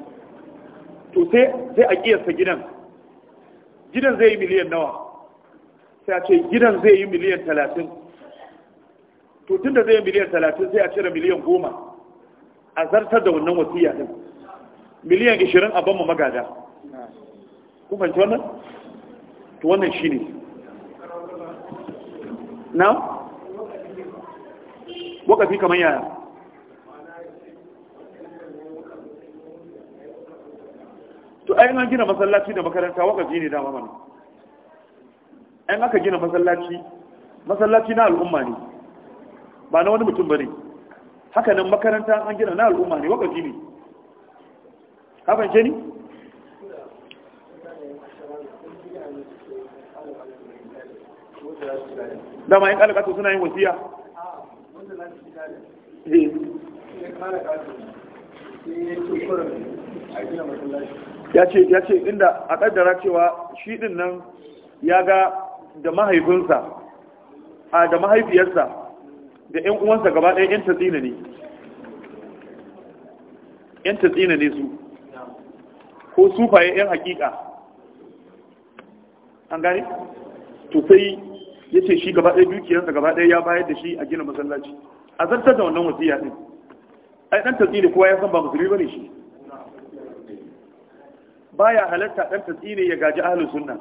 to sai a ƙiyasta gidan gidan zai yi miliyan nawa sai a ce gidan zai yi miliyan talatin to tun da zai yi miliyan talatin sai a cire miliyan goma a zartar da wannan wasiya ɗin miliyan ishirin a banmu magada kun fahimci wannan to wannan shi ne na wakafi kamar yaya to ai an gina masallaci da makaranta ji ne dama mana an aka gina masallaci masallaci na al'umma ne ba na wani mutum bane haka nan makaranta an gina na al'umma ne ji ne ka fahimce ni dama yin kalakatu suna yin wasiya eh. you. ya ce ya ce inda a kaddara cewa shi din nan ya ga da mahaifinsa a da mahaifiyarsa da ƴan uwansa gaba ɗaya ƴan tatsina ne ƴan tatsina ne su ko sufaye ƴan hakika an gani to sai ya ce shi gaba ɗaya dukiyarsa gaba ɗaya ya bayar da shi a gina masallaci a zartar da wannan wasiya ɗin ai ɗan tatsina kowa ya san ba musulmi bane shi baya halatta dan tasiri ya gaji ahlus sunna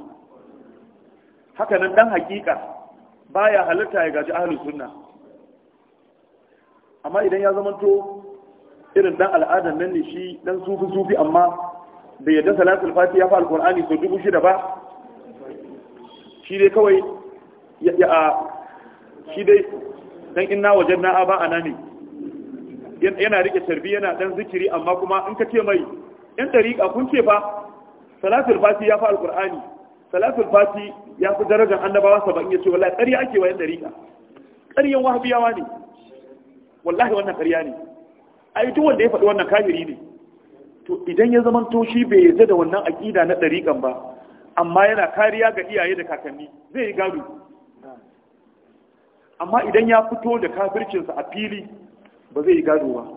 haka nan dan hakika baya halatta ya gaji ahlus sunna amma idan ya zama to irin dan al'adan nan ne shi dan sufi sufi amma bai yadda salatul fatiha fa alqur'ani so dubu shida ba shi dai kawai ya a shi dai dan inna wajanna aba anani yana rike tarbi yana dan zikiri amma kuma in ka ce mai yan dariƙa kun ce fa salatul fati ya fi alkur'ani salatul fati ya fi darajar annabawa saba'in ya ce wallahi ƙarya ake wayan dariƙa ƙaryan wahabiyawa ne wallahi wannan ƙarya ne a yi wanda ya faɗi wannan kafiri ne to idan ya zama to shi bai yarda da wannan aƙida na ɗariƙan ba amma yana kariya ga iyaye da kakanni zai yi gado amma idan ya fito da kafircinsa a fili ba zai yi gado ba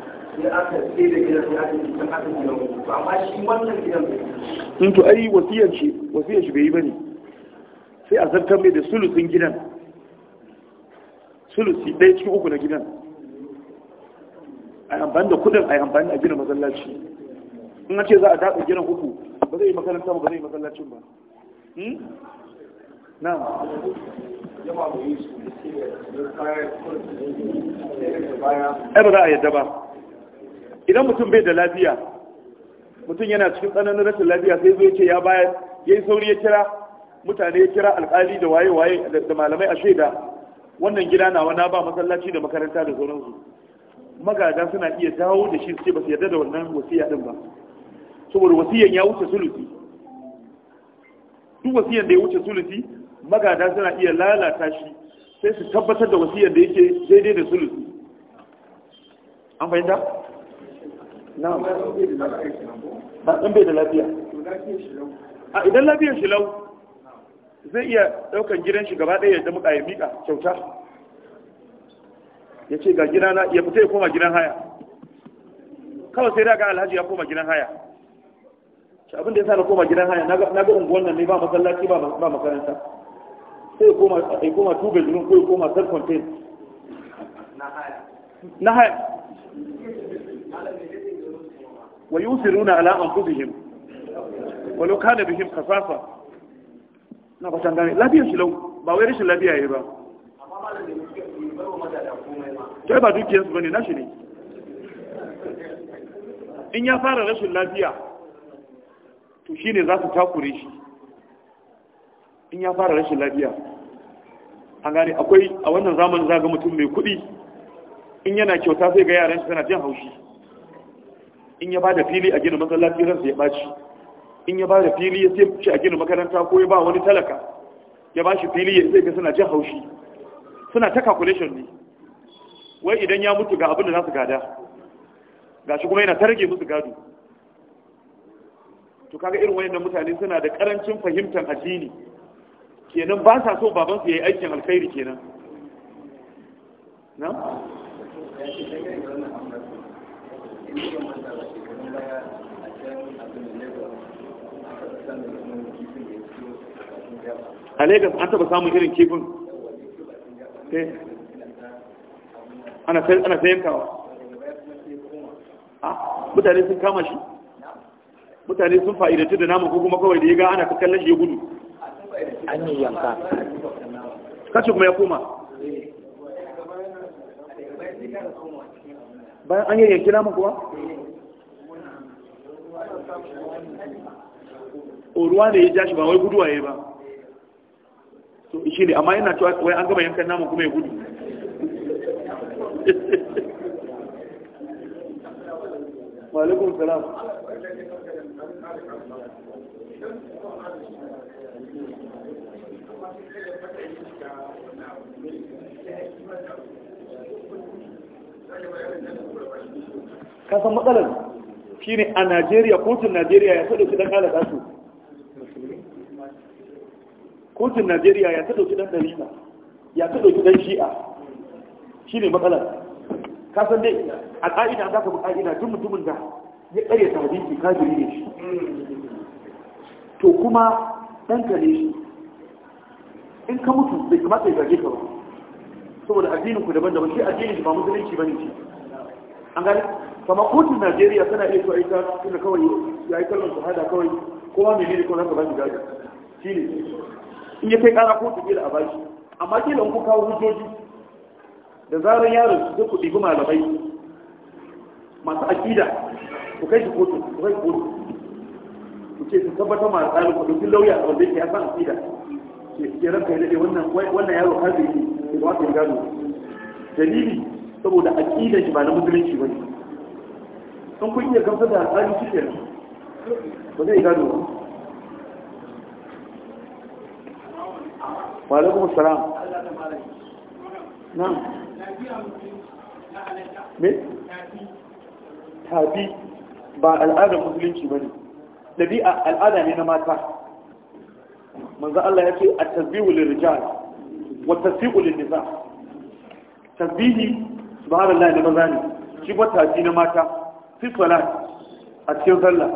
in to ai wasiyar shi wasiyar shi bai yi bane sai a zartar mai da sulusin gidan sulusi ɗaya cikin uku na gidan a amfani da kudin a amfani a gina masallaci in ce za a daɗa gidan uku ba zai yi makaranta ba zai yi masallacin ba na ya ba za a yadda ba idan mutum bai da lafiya mutum yana cikin tsananin rashin lafiya sai zai ce ya bayar ya yi sauri ya kira mutane ya kira alkali da waye-waye da malamai a shaida wannan gida na wana ba masallaci da makaranta da sauransu magada suna iya dawo da shi ce ba su yarda da wannan wasiya din ba saboda wasiyan ya wuce sulusi duk wasiyan da ya wuce sulusi magada suna iya lalata shi sai su tabbatar da wasiyan da yake daidai da sulusi an fahimta na'am bai da lafiya a idan lafiyar shi lau zai iya daukan gidan shi gaba ɗaya da muka yi mika kyauta ya ce ga gida na ya fita ya koma gidan haya kawai sai daga alhaji ya koma gidan haya shi abin da ya sa na koma gidan haya na ga unguwan nan ne ba masallaci ba makaranta sai ya koma tube bedroom ko ya koma na haya na haya wa yusiruna ala anfusihim walau kana bihim khasasa na ba tan gane lafiyar shi lau ba wai rashin lafiya yayi ba to ba dukiyar su bane nashi ne in ya fara rashin lafiya to shi ne za su takure shi in ya fara rashin lafiya an gane akwai a wannan zamanin zaga mutum mai kuɗi in yana kyauta sai ga yaran shi tana jin haushi in ya bada fili a gina masallaci ransa ya baci in ya bada fili ya sai shi a gina makaranta ko ya ba wani talaka ya ba shi fili ya sai ga suna jin haushi suna ta calculation ne wai idan ya mutu ga abin da za su gada gashi kuma yana ta rage musu gado to kaga irin wayannan mutane suna da karancin fahimtar addini kenan ba sa so baban su yayi aikin alkhairi kenan na baya a abin da lagos an taba samun irin kifin eh. ana sayan ah, mutane sun kama shi mutane sun da naman ko kuma kawai da ya ga ana kallon lashe gudu an yi yanka kashi kuma ya koma bayan an yi yanki namun kuwa oruwa ne ya ja shi ba wai guduwa ya ba so shi ne amma yana cewa wai an gaba yankan namun kuma ya gudu malikun salam kasan matsalar shine a najeriya kotun najeriya ya sadauki dan kala kasu kotun najeriya ya sadauki dan dalila ya sadauki dan shi'a shine matsalar kasan dai a ƙa'ida za ka bi ƙa'ida tun mutumin da ya ƙarya ta hadisi jiri ne shi to kuma dan ne shi in ka mutu bai kamata ya zage ka ba saboda addinin ku daban-daban shi addinin ba musulunci ba ne shi an gani Kama kotun najeriya tana iya cewa ita tunda kawai ya yi kallon shahada kawai kowa mai ne kawai ba shi gado shi ne in ya kai kara kotu kila a bashi amma kila in ku kawo hujjoji da zarar yaron su ku ɗibi malamai masu akida ku kai shi kotu ku kai kotu ku ce su tabbatar ma tsarin ku ɗauki lauya a wanda yake ya san akida ke ke ranka ya daɗe wannan yaro har da yake ba ta gano. dalili saboda akidan shi ba na musulunci ba ne in kun iya gamsar da alƙali shi kenan ba zai gado ba Ba alaikum salam na me Tafi ba al'adar musulunci ba ne ɗabi'a al'ada ne na mata manzo Allah ya ce a tafi lil rijal wata tasbihu lil nisa tasbihi subhanallahi na maza ne shi ba tabi na mata fi salat a cikin sallah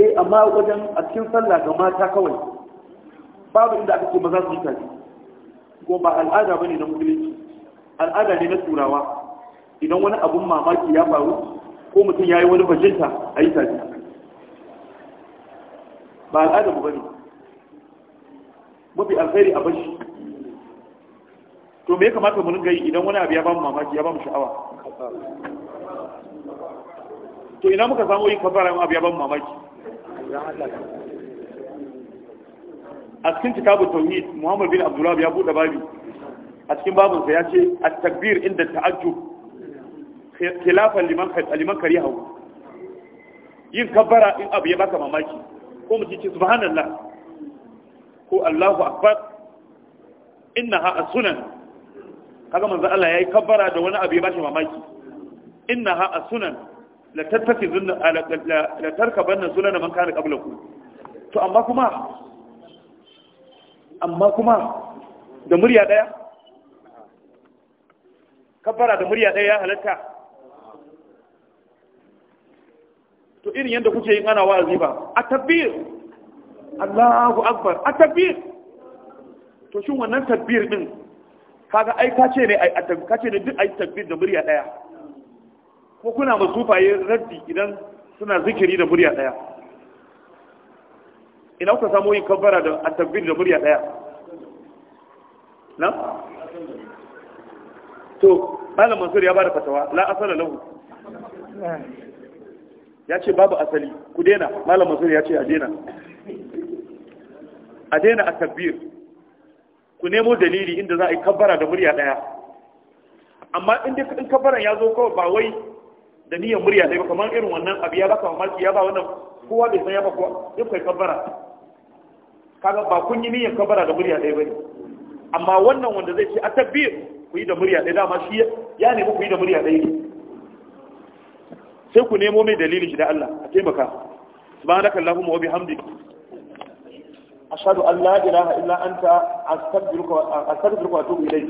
eh amma wajen a cikin sallah ga mata kawai babu inda aka ce maza su yi tafi ko ba al'ada ba ne na musulunci al'ada ne na turawa idan wani abun mamaki ya faru ko mutum ya yi wani bajinta a yi tafi ba al'ada ba ne mafi alkhairi a bashi to me ya kamata mu ringa yi idan wani abu ya bamu mamaki ya bamu sha'awa to ina muka samu yin kafara abu ya bamu mamaki a cikin kitabun tauhid muhammad bin abdullahi ya buɗa babi a cikin babinsa ya ce a takbir inda ta'ajjub khilafan liman hau. yin kabbara in abu ya baka mamaki ko mu ce subhanallah ko Allahu akbar innaha as-sunan kaga manzo Allah yayi kabbara da wani abu ya bashi mamaki innaha as-sunan la tattakizun la tarkabanna sunan man kana qablakum to amma kuma amma kuma da murya daya kabbara da murya daya ya halatta to irin yadda kuke yin ana wa'azi ba a tabbir Allahu akbar a tabbir to shin wannan tabbir din kaga ai ka ce ne ai a ka ce ne duk ai tabbir da murya daya ko kuna ba raddi idan suna zikiri da murya daya ina kuka samu yin kabbara da a tabbir da murya daya na to malam mansur ya bada fatawa la asala lahu ya ce babu asali ku daina malam mansur ya ce a daina a daina a tabbir ku nemo dalili inda za a yi kabbara da murya ɗaya amma inda in kabbaran ya zo kawai ba wai da niyyar murya ɗaya ba kamar irin wannan abu ya baka mamaki ya ba wannan kowa bai san ya ba kowa ya kai kabbara kaga ba kun yi niyyar kabbara da murya ɗaya bane amma wannan wanda zai ce a tabbir ku yi da murya ɗaya dama shi ya nemi ku yi da murya ɗaya sai ku nemo mai dalilin shi da Allah a taimaka subhanakallahumma wa bihamdika ashhadu an la ilaha illa anta a wa atubu ilayk